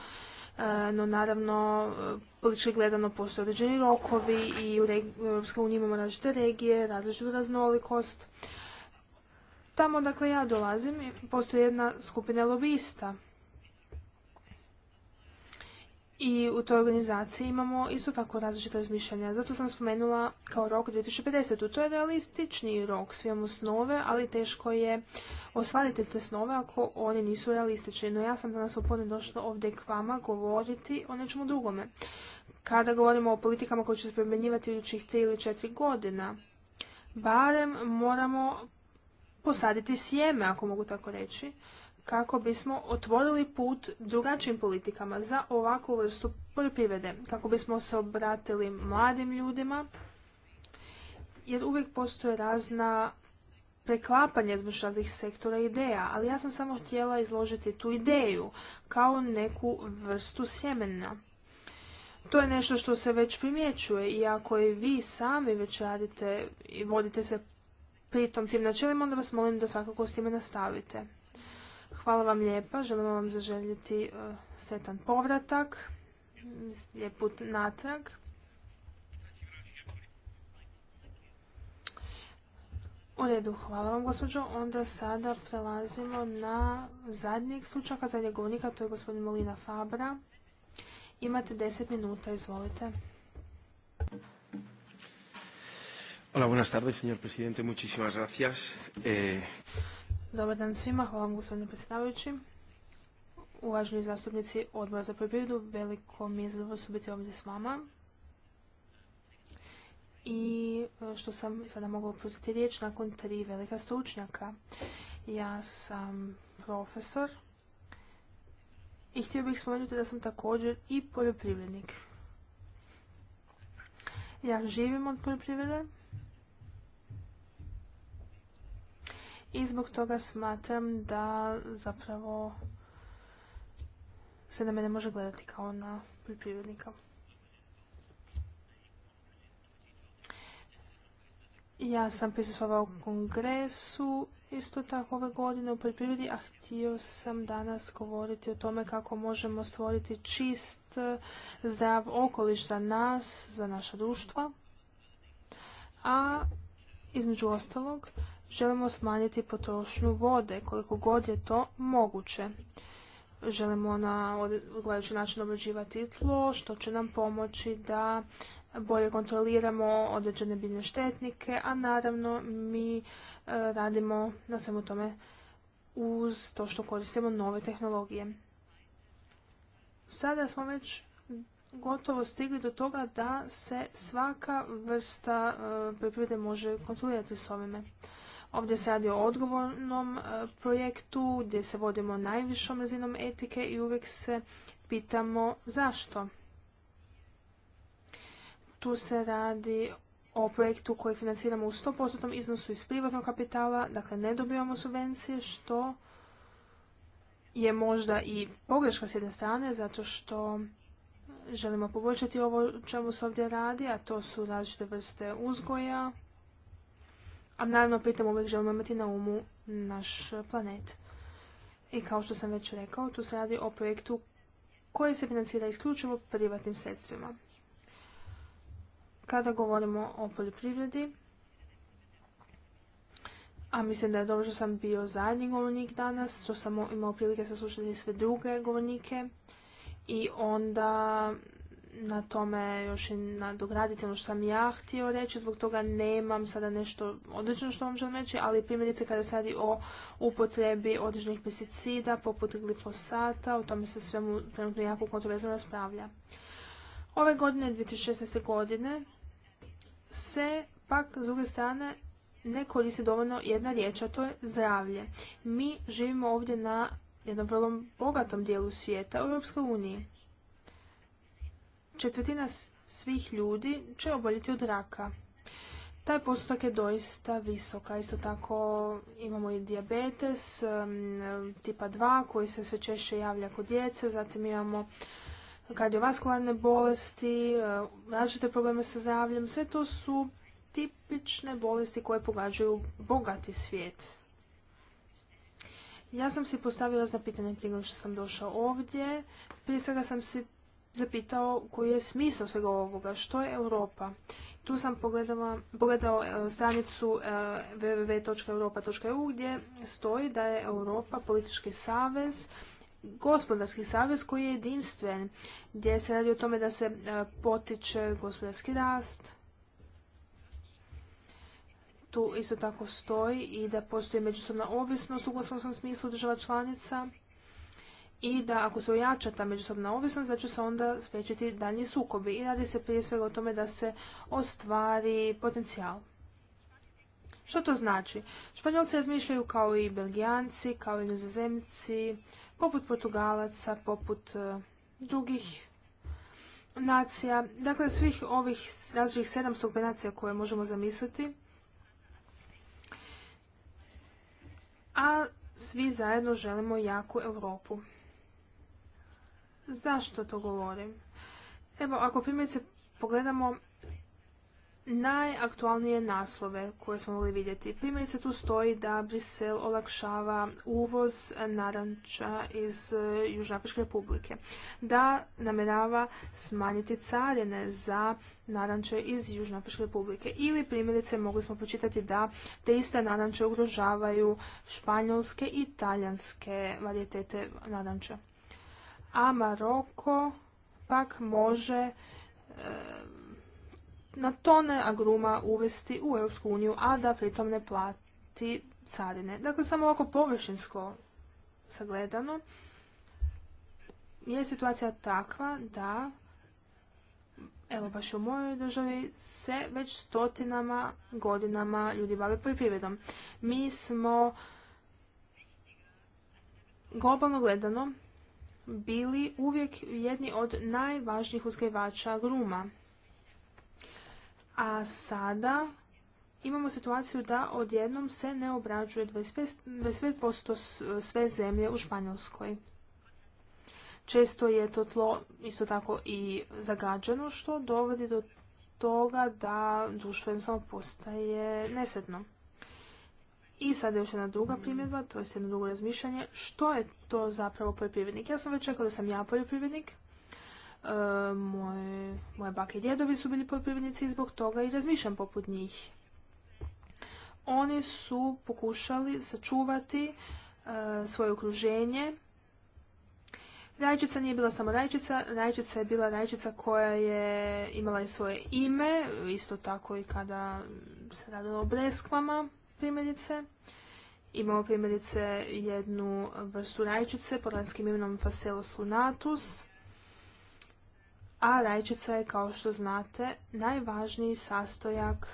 e, no naravno e, politički gledano postoje određeni rokovi i u EU imamo različite regije, različitu raznolikost. Tamo dakle ja dolazim postoji jedna skupina lobista i u toj organizaciji imamo isto tako različite razmišljanja. Zato sam spomenula kao rok 2050. To je realistični rok, svi imamo snove, ali teško je ostvariti te snove ako oni nisu realistični. No ja sam danas popodne došla ovdje k vama govoriti o nečemu drugome. Kada govorimo o politikama koje će se primjenjivati u idućih 3 ili 4 godina, barem moramo posaditi sjeme, ako mogu tako reći, kako bismo otvorili put drugačijim politikama za ovakvu vrstu poljoprivrede, kako bismo se obratili mladim ljudima, jer uvijek postoje razna preklapanja između različitih sektora ideja, ali ja sam samo htjela izložiti tu ideju kao neku vrstu sjemena. To je nešto što se već primjećuje i ako i vi sami već radite i vodite se pritom tim načelima, onda vas molim da svakako s time nastavite. Hvala vam lijepa, Želimo vam zaželjeti e, setan povratak, lijep put natrag. U redu, hvala vam gospođo. Onda sada prelazimo na zadnjeg slučaka, zadnjeg govornika, to je gospodin Molina Fabra. Imate 10 minuta, izvolite. Hola, buenas tardes, señor presidente. Muchísimas gracias. Eh, Dobar dan svima, hvala vam gospodine predsjedavajući. Uvaženi zastupnici odbora za poljoprivredu, veliko mi je zadovoljstvo biti ovdje s vama. I e, što sam sada mogla upustiti riječ nakon tri velika stručnjaka. Ja sam profesor i htio bih spomenuti da sam također i poljoprivrednik. Ja živim od poljoprivrede, i zbog toga smatram da zapravo se na mene može gledati kao na poljoprivrednika. Ja sam prisustvovao u kongresu isto tako ove godine u poljoprivredi, a htio sam danas govoriti o tome kako možemo stvoriti čist, zdrav okoliš za nas, za naša društva. A između ostalog, želimo smanjiti potrošnju vode koliko god je to moguće. Želimo na odgovarajući način obrađivati tlo, što će nam pomoći da bolje kontroliramo određene biljne štetnike, a naravno mi e, radimo na svemu tome uz to što koristimo nove tehnologije. Sada smo već gotovo stigli do toga da se svaka vrsta e, poljoprivrede može kontrolirati s ovime. Ovdje se radi o odgovornom e, projektu gdje se vodimo najvišom razinom etike i uvijek se pitamo zašto. Tu se radi o projektu koji financiramo u 100% iznosu iz privatnog kapitala, dakle ne dobivamo subvencije, što je možda i pogreška s jedne strane, zato što želimo poboljšati ovo čemu se ovdje radi, a to su različite vrste uzgoja, a naravno pritom uvijek želimo imati na umu naš planet. I kao što sam već rekao, tu se radi o projektu koji se financira isključivo privatnim sredstvima. Kada govorimo o poljoprivredi, a mislim da je dobro što sam bio zadnji govornik danas, što sam imao prilike saslušati sve druge govornike i onda na tome još i nadograditi ono što sam ja htio reći, zbog toga nemam sada nešto odlično što vam želim reći, ali primjerice kada se radi o upotrebi određenih pesticida poput glifosata, o tome se svemu trenutno jako kontroverzno raspravlja. Ove godine, 2016. godine, se pak s druge strane ne koristi dovoljno jedna riječ, a to je zdravlje. Mi živimo ovdje na jednom vrlo bogatom dijelu svijeta u Europskoj uniji četvrtina svih ljudi će oboljeti od raka. Taj postotak je doista visok, a isto tako imamo i diabetes tipa 2 koji se sve češće javlja kod djece, zatim imamo kardiovaskularne bolesti, e, različite probleme sa zdravljem, sve to su tipične bolesti koje pogađaju bogati svijet. Ja sam si postavila razna pitanja prije što sam došla ovdje. Prije svega sam si zapitao koji je smisao svega ovoga, što je Europa. Tu sam pogledala, pogledao e, stranicu e, www.europa.eu gdje stoji da je Europa politički savez, gospodarski savez koji je jedinstven, gdje se radi o tome da se e, potiče gospodarski rast. Tu isto tako stoji i da postoji međusobna ovisnost u gospodarskom smislu država članica i da ako se ojača ta međusobna ovisnost da će se onda spriječiti daljnji sukobi i radi se prije svega o tome da se ostvari potencijal. Što to znači? Španjolci razmišljaju kao i Belgijanci, kao i Nizozemci, poput Portugalaca, poput e, drugih nacija. Dakle, svih ovih različitih sedam nacija koje možemo zamisliti. A svi zajedno želimo jaku Europu. Zašto to govorim? Evo, ako primjerice pogledamo najaktualnije naslove koje smo mogli vidjeti. Primjerice tu stoji da Brisel olakšava uvoz naranča iz eh, Južnoafričke republike, da namjerava smanjiti carine za naranče iz Južnoafričke republike. Ili primjerice mogli smo pročitati da te iste naranče ugrožavaju španjolske i talijanske varijetete naranča a Maroko pak može e, na tone agruma uvesti u Europsku uniju, a da pritom ne plati carine. Dakle, samo ovako površinsko sagledano je situacija takva da evo baš u mojoj državi se već stotinama godinama ljudi bave poljoprivredom. Mi smo globalno gledano bili uvijek jedni od najvažnijih uzgajivača gruma. A sada imamo situaciju da odjednom se ne obrađuje 25%, sve zemlje u Španjolskoj. Često je to tlo isto tako i zagađeno što dovodi do toga da društvo jednostavno postaje nesredno i sad još jedna druga primjedba, to je jedno drugo razmišljanje, što je to zapravo poljoprivrednik. Ja sam već čekala da sam ja poljoprivrednik, e, moje, bake i djedovi su bili poljoprivrednici i zbog toga i razmišljam poput njih. Oni su pokušali sačuvati e, svoje okruženje, Rajčica nije bila samo rajčica, rajčica je bila rajčica koja je imala i svoje ime, isto tako i kada se radilo o breskvama primjerice. Imamo primjerice jednu vrstu rajčice pod lanskim imenom Facelus lunatus, a rajčica je, kao što znate, najvažniji sastojak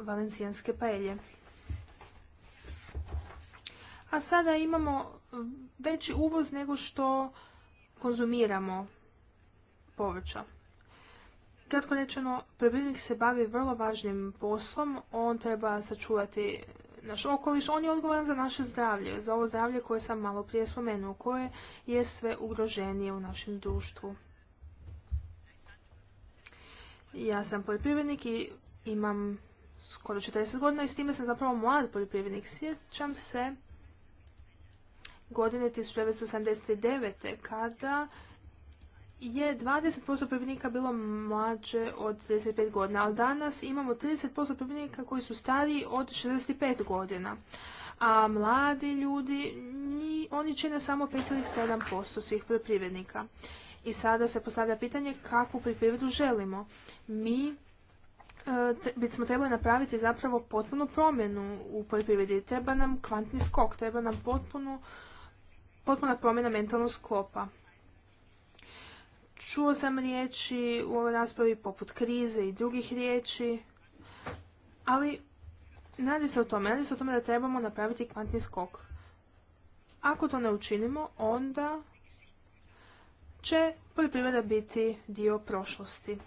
valencijanske paelje. A sada imamo veći uvoz nego što konzumiramo povrća. Kratko rečeno, poljoprivrednik se bavi vrlo važnim poslom, on treba sačuvati naš okoliš, on je odgovoran za naše zdravlje, za ovo zdravlje koje sam malo prije spomenuo, koje je sve ugroženije u našem društvu. Ja sam poljoprivrednik i imam skoro 40 godina i s time sam zapravo mlad poljoprivrednik. Sjećam se godine 1979. kada je 20% pripadnika bilo mlađe od 35 godina, ali danas imamo 30% pripadnika koji su stariji od 65 godina. A mladi ljudi, oni čine samo 5,7% 7% svih poljoprivrednika. I sada se postavlja pitanje kakvu poljoprivredu želimo. Mi e, bismo trebali napraviti zapravo potpunu promjenu u poljoprivredi. Treba nam kvantni skok, treba nam potpuna promjena mentalnog sklopa. Čuo sam riječi u ovoj raspravi poput krize i drugih riječi, ali ne radi se o tome. se o tome da trebamo napraviti kvantni skok. Ako to ne učinimo, onda će poljoprivreda biti dio prošlosti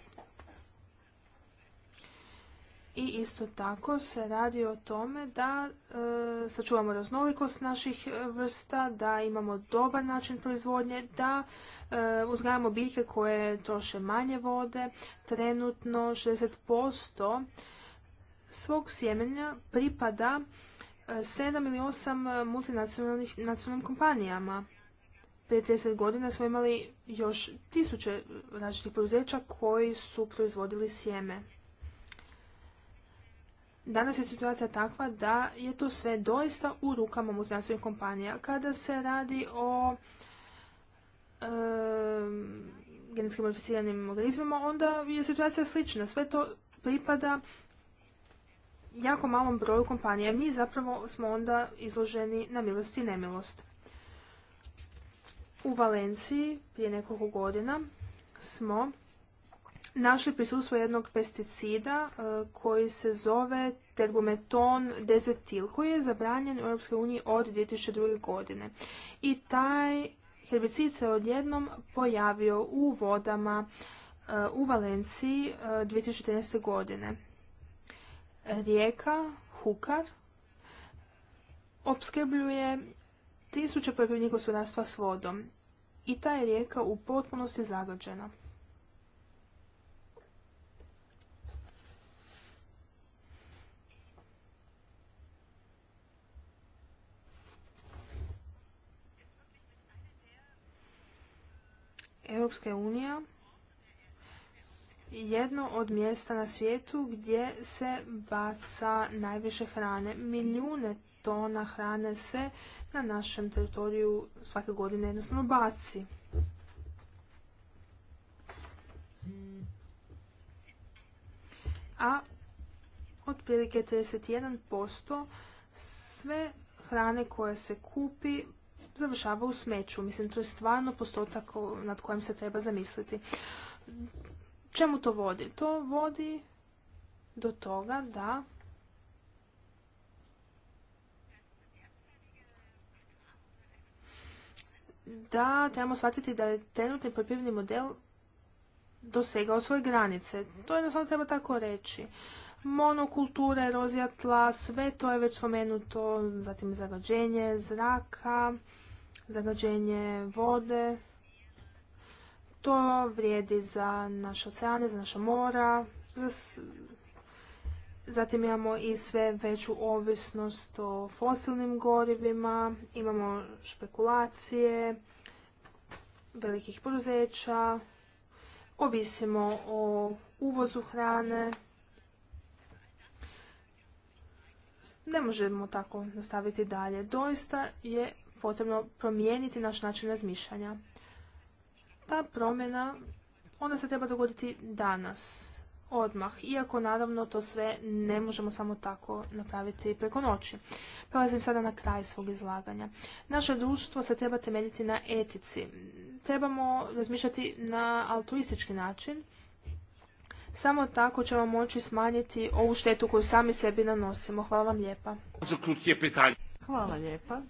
i isto tako se radi o tome da e, sačuvamo raznolikost naših e, vrsta, da imamo dobar način proizvodnje, da e, uzgajamo biljke koje troše manje vode. Trenutno 60% svog sjemenja pripada 7 ili 8 nacionalnim kompanijama. Prije godina smo imali još tisuće različitih poduzeća koji su proizvodili sjeme danas je situacija takva da je to sve doista u rukama multinacionalnih kompanija. Kada se radi o e, genetski modificiranim organizmima, onda je situacija slična. Sve to pripada jako malom broju kompanija. Mi zapravo smo onda izloženi na milost i nemilost. U Valenciji prije nekoliko godina smo našli prisustvo jednog pesticida e, koji se zove tergometon dezetil koji je zabranjen u EU od 2002. godine. I taj herbicid se odjednom pojavio u vodama e, u Valenciji 2013. E, godine. Rijeka Hukar opskrbljuje tisuće poljoprivrednih gospodarstva s vodom i ta je rijeka u potpunosti zagađena. Europska unija jedno od mjesta na svijetu gdje se baca najviše hrane. Milijune tona hrane se na našem teritoriju svake godine jednostavno baci. A otprilike 31% sve hrane koje se kupi završava u smeću. Mislim, to je stvarno postotak nad kojim se treba zamisliti. Čemu to vodi? To vodi do toga da da trebamo shvatiti da je trenutni poljoprivredni model dosegao svoje granice. To je jednostavno treba tako reći. Monokultura, erozija tla, sve to je već spomenuto, zatim zagađenje zraka, zagađenje vode. To vrijedi za naše oceane, za naša mora. Zatim imamo i sve veću ovisnost o fosilnim gorivima, imamo špekulacije velikih poduzeća, ovisimo o uvozu hrane. Ne možemo tako nastaviti dalje. Doista je potrebno promijeniti naš način razmišljanja. Ta promjena, ona se treba dogoditi danas, odmah, iako naravno to sve ne možemo samo tako napraviti preko noći. Prelazim sada na kraj svog izlaganja. Naše društvo se treba temeljiti na etici. Trebamo razmišljati na altruistički način. Samo tako ćemo moći smanjiti ovu štetu koju sami sebi nanosimo. Hvala vam lijepa. Hvala lijepa.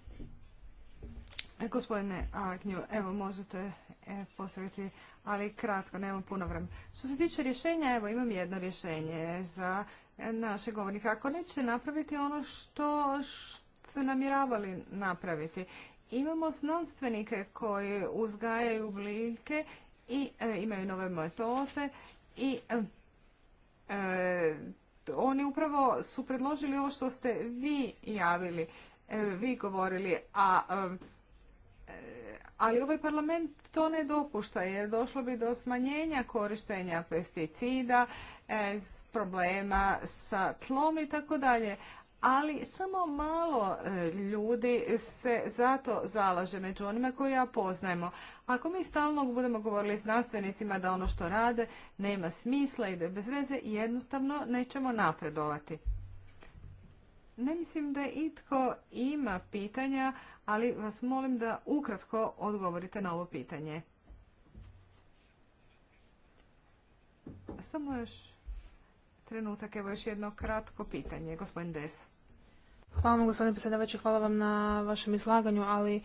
E, gospodine Agnju, evo možete e, postaviti, ali kratko, nemam puno vremena. Što se tiče rješenja, evo imam jedno rješenje za e, naše govornike. Ako nećete napraviti ono što ste namjeravali napraviti, imamo znanstvenike koji uzgajaju bliljke i imaju nove metode i oni upravo su predložili ovo što ste vi javili, vi govorili, a ali ovaj parlament to ne dopušta jer došlo bi do smanjenja korištenja pesticida, e, problema sa tlom i tako dalje. Ali samo malo e, ljudi se zato zalaže među onima koje ja poznajemo. Ako mi stalno budemo govorili s znanstvenicima da ono što rade nema smisla i da bez veze jednostavno nećemo napredovati. Ne mislim da itko ima pitanja, ali vas molim da ukratko odgovorite na ovo pitanje. Samo još trenutak, evo još jedno kratko pitanje, gospodin Des. Hvala vam, gospodine predsjedavajući, hvala vam na vašem izlaganju, ali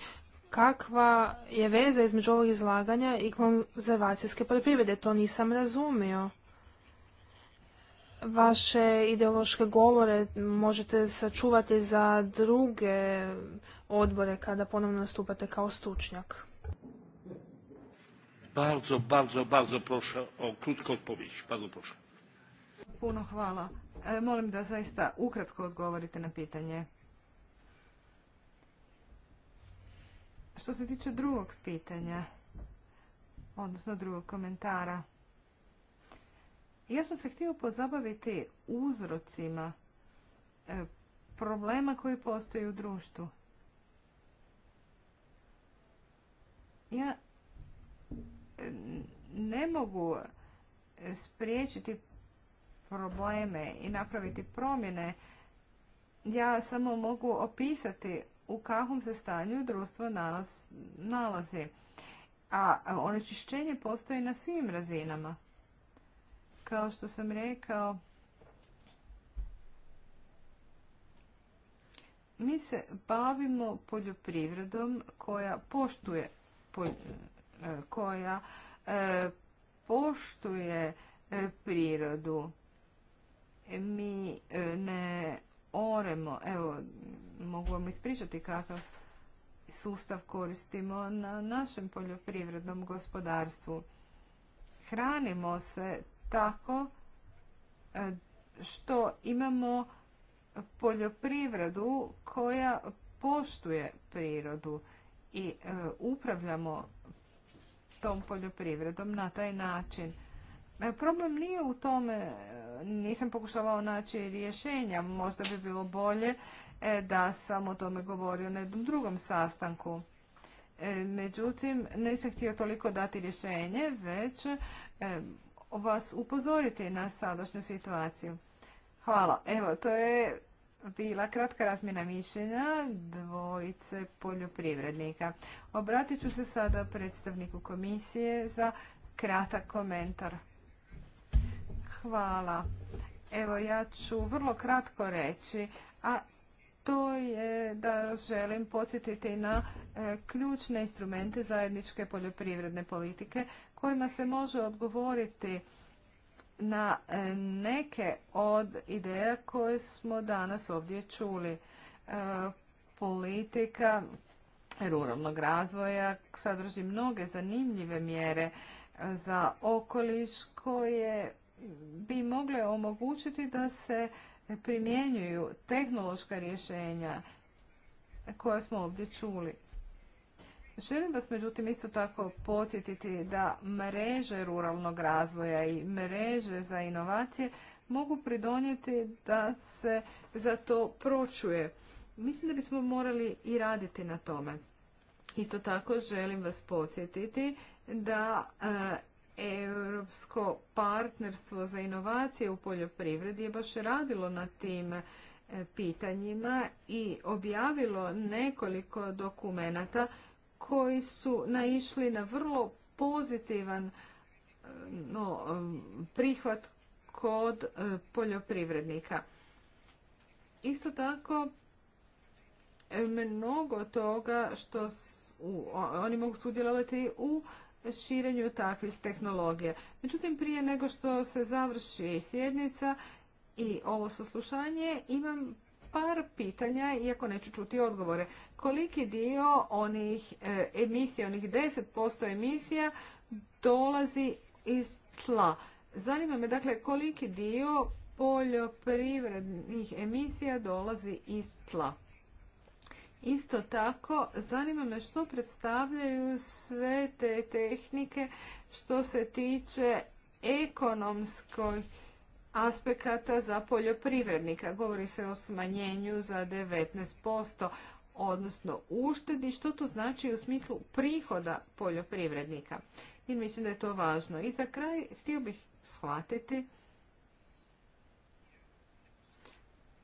kakva je veza između ovog izlaganja i konzervacijske poljoprivrede? To nisam razumio vaše ideološke govore možete sačuvati za druge odbore kada ponovno nastupate kao stručnjak? Bardzo, bardzo, bardzo proszę o krótką Bardzo Puno hvala. E, molim da zaista ukratko odgovorite na pitanje. Što se tiče drugog pitanja, odnosno drugog komentara, ja sam se htio pozabaviti uzrocima e, problema koji postoji u društvu. Ja e, ne mogu spriječiti probleme i napraviti promjene. Ja samo mogu opisati u kakvom se stanju društvo nalazi. A onečišćenje postoji na svim razinama. Kao što sam rekao, mi se bavimo poljoprivredom koja poštuje e, koja e, poštuje e, prirodu. Mi ne oremo, evo, mogu vam ispričati kakav sustav koristimo na našem poljoprivrednom gospodarstvu. Hranimo se tako e, što imamo poljoprivredu koja poštuje prirodu i e, upravljamo tom poljoprivredom na taj način. E, problem nije u tome, nisam pokušavao naći rješenja, možda bi bilo bolje da sam o tome govorio na jednom drugom sastanku. Međutim, nisam htio toliko dati rješenje, već vas upozoriti na sadašnju situaciju. Hvala. Evo, to je bila kratka razmjena mišljenja dvojice poljoprivrednika. Obratit ću se sada predstavniku komisije za kratak komentar. Hvala. Evo, ja ću vrlo kratko reći, a to je da želim podsjetiti na e, ključne instrumente zajedničke poljoprivredne politike kojima se može odgovoriti na e, neke od ideja koje smo danas ovdje čuli. E, politika ruralnog razvoja sadrži mnoge zanimljive mjere za okoliš koje bi mogle omogućiti da se primjenjuju tehnološka rješenja koja smo ovdje čuli. Želim vas međutim isto tako podsjetiti da mreže ruralnog razvoja i mreže za inovacije mogu pridonijeti da se za to pročuje. Mislim da bismo morali i raditi na tome. Isto tako želim vas podsjetiti da e, Europsko partnerstvo za inovacije u poljoprivredi je baš radilo na tim e, pitanjima i objavilo nekoliko dokumenata koji su naišli na vrlo pozitivan no, prihvat kod e, poljoprivrednika. Isto tako, e, mnogo toga što oni mogu sudjelovati u širenju takvih tehnologija. Međutim, prije nego što se završi sjednica i ovo saslušanje, imam par pitanja, iako neću čuti odgovore. Koliki dio onih e, emisija, onih 10% emisija dolazi iz tla? Zanima me, dakle, koliki dio poljoprivrednih emisija dolazi iz tla? Isto tako, zanima me što predstavljaju sve te tehnike što se tiče ekonomskoj aspekata za poljoprivrednika. Govori se o smanjenju za 19%, odnosno uštedi, što to znači u smislu prihoda poljoprivrednika. I mislim da je to važno. I za kraj htio bih shvatiti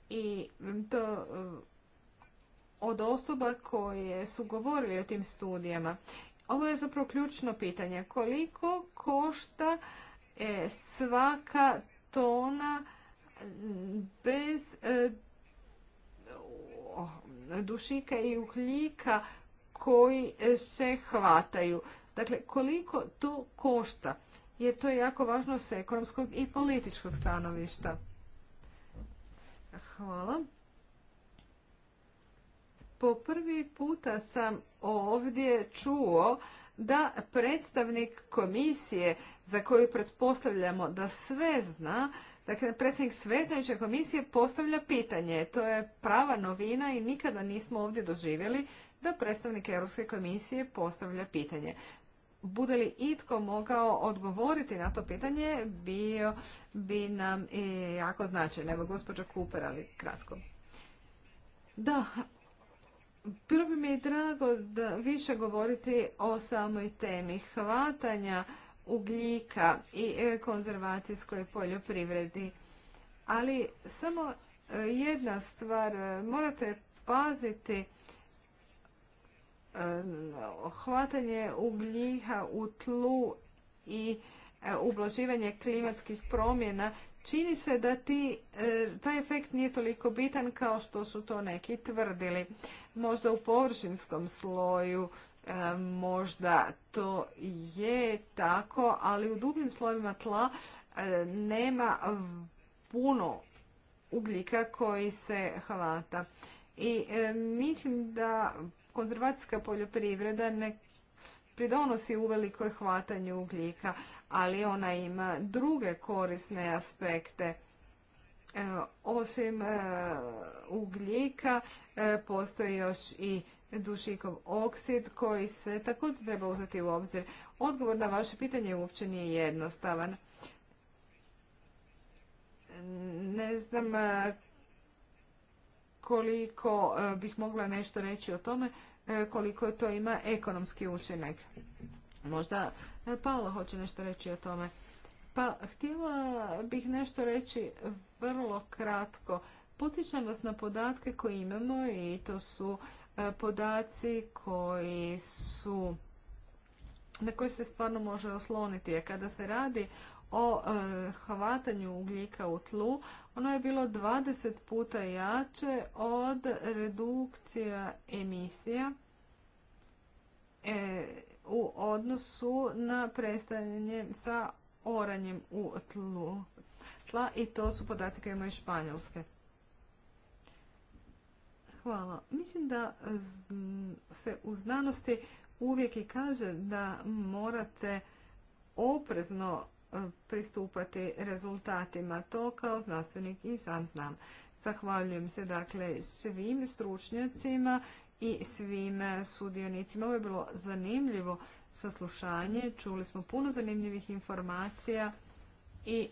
i to od osoba koje su govorili o tim studijama. Ovo je zapravo ključno pitanje. Koliko košta e, svaka tona bez e, dušika i uhljika koji e, se hvataju. Dakle, koliko to košta? Jer to je jako važno s ekonomskog i političkog stanovišta. Hvala po prvi puta sam ovdje čuo da predstavnik komisije za koju pretpostavljamo da sve zna, dakle predstavnik sveznajuće komisije postavlja pitanje. To je prava novina i nikada nismo ovdje doživjeli da predstavnik Europske komisije postavlja pitanje. Bude li itko mogao odgovoriti na to pitanje, bio bi nam jako značajno. Evo, gospođa Kuper, ali kratko. Da, bilo bi mi drago da više govoriti o samoj temi hvatanja ugljika i e, konzervacijskoj poljoprivredi. Ali samo e, jedna stvar, e, morate paziti hvatanje ugljiha u tlu i ublaživanje klimatskih promjena čini se da taj efekt nije toliko bitan kao što su to neki tvrdili možda u površinskom sloju, e, možda to je tako, ali u dubljim slojevima tla e, nema puno ugljika koji se hvata. I e, mislim da konzervacijska poljoprivreda ne pridonosi u velikoj hvatanju ugljika, ali ona ima druge korisne aspekte. Osim e, ugljika e, postoji još i dušikov oksid koji se također treba uzeti u obzir. Odgovor na vaše pitanje uopće nije jednostavan. Ne znam e, koliko bih mogla nešto reći o tome koliko to ima ekonomski učinak. Možda Paolo hoće nešto reći o tome. Pa htjela bih nešto reći vrlo kratko. Podsjećam vas na podatke koje imamo i to su e, podaci koji su na koji se stvarno može osloniti. A kada se radi o e, hvatanju ugljika u tlu, ono je bilo 20 puta jače od redukcija emisija e, u odnosu na prestajanje sa oranjem u tlu tla i to su podatke koje imaju Španjolske. Hvala. Mislim da se u znanosti uvijek i kaže da morate oprezno e, pristupati rezultatima. To kao znanstvenik i sam znam. Zahvaljujem se dakle svim stručnjacima i svim e, sudionicima. Ovo je bilo zanimljivo saslušanje. Čuli smo puno zanimljivih informacija i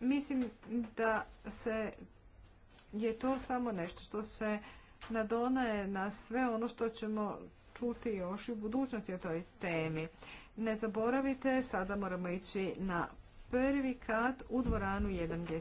mislim da se je to samo nešto što se nadonaje na sve ono što ćemo čuti još i u budućnosti o toj temi. Ne zaboravite, sada moramo ići na prvi kat u dvoranu 1G.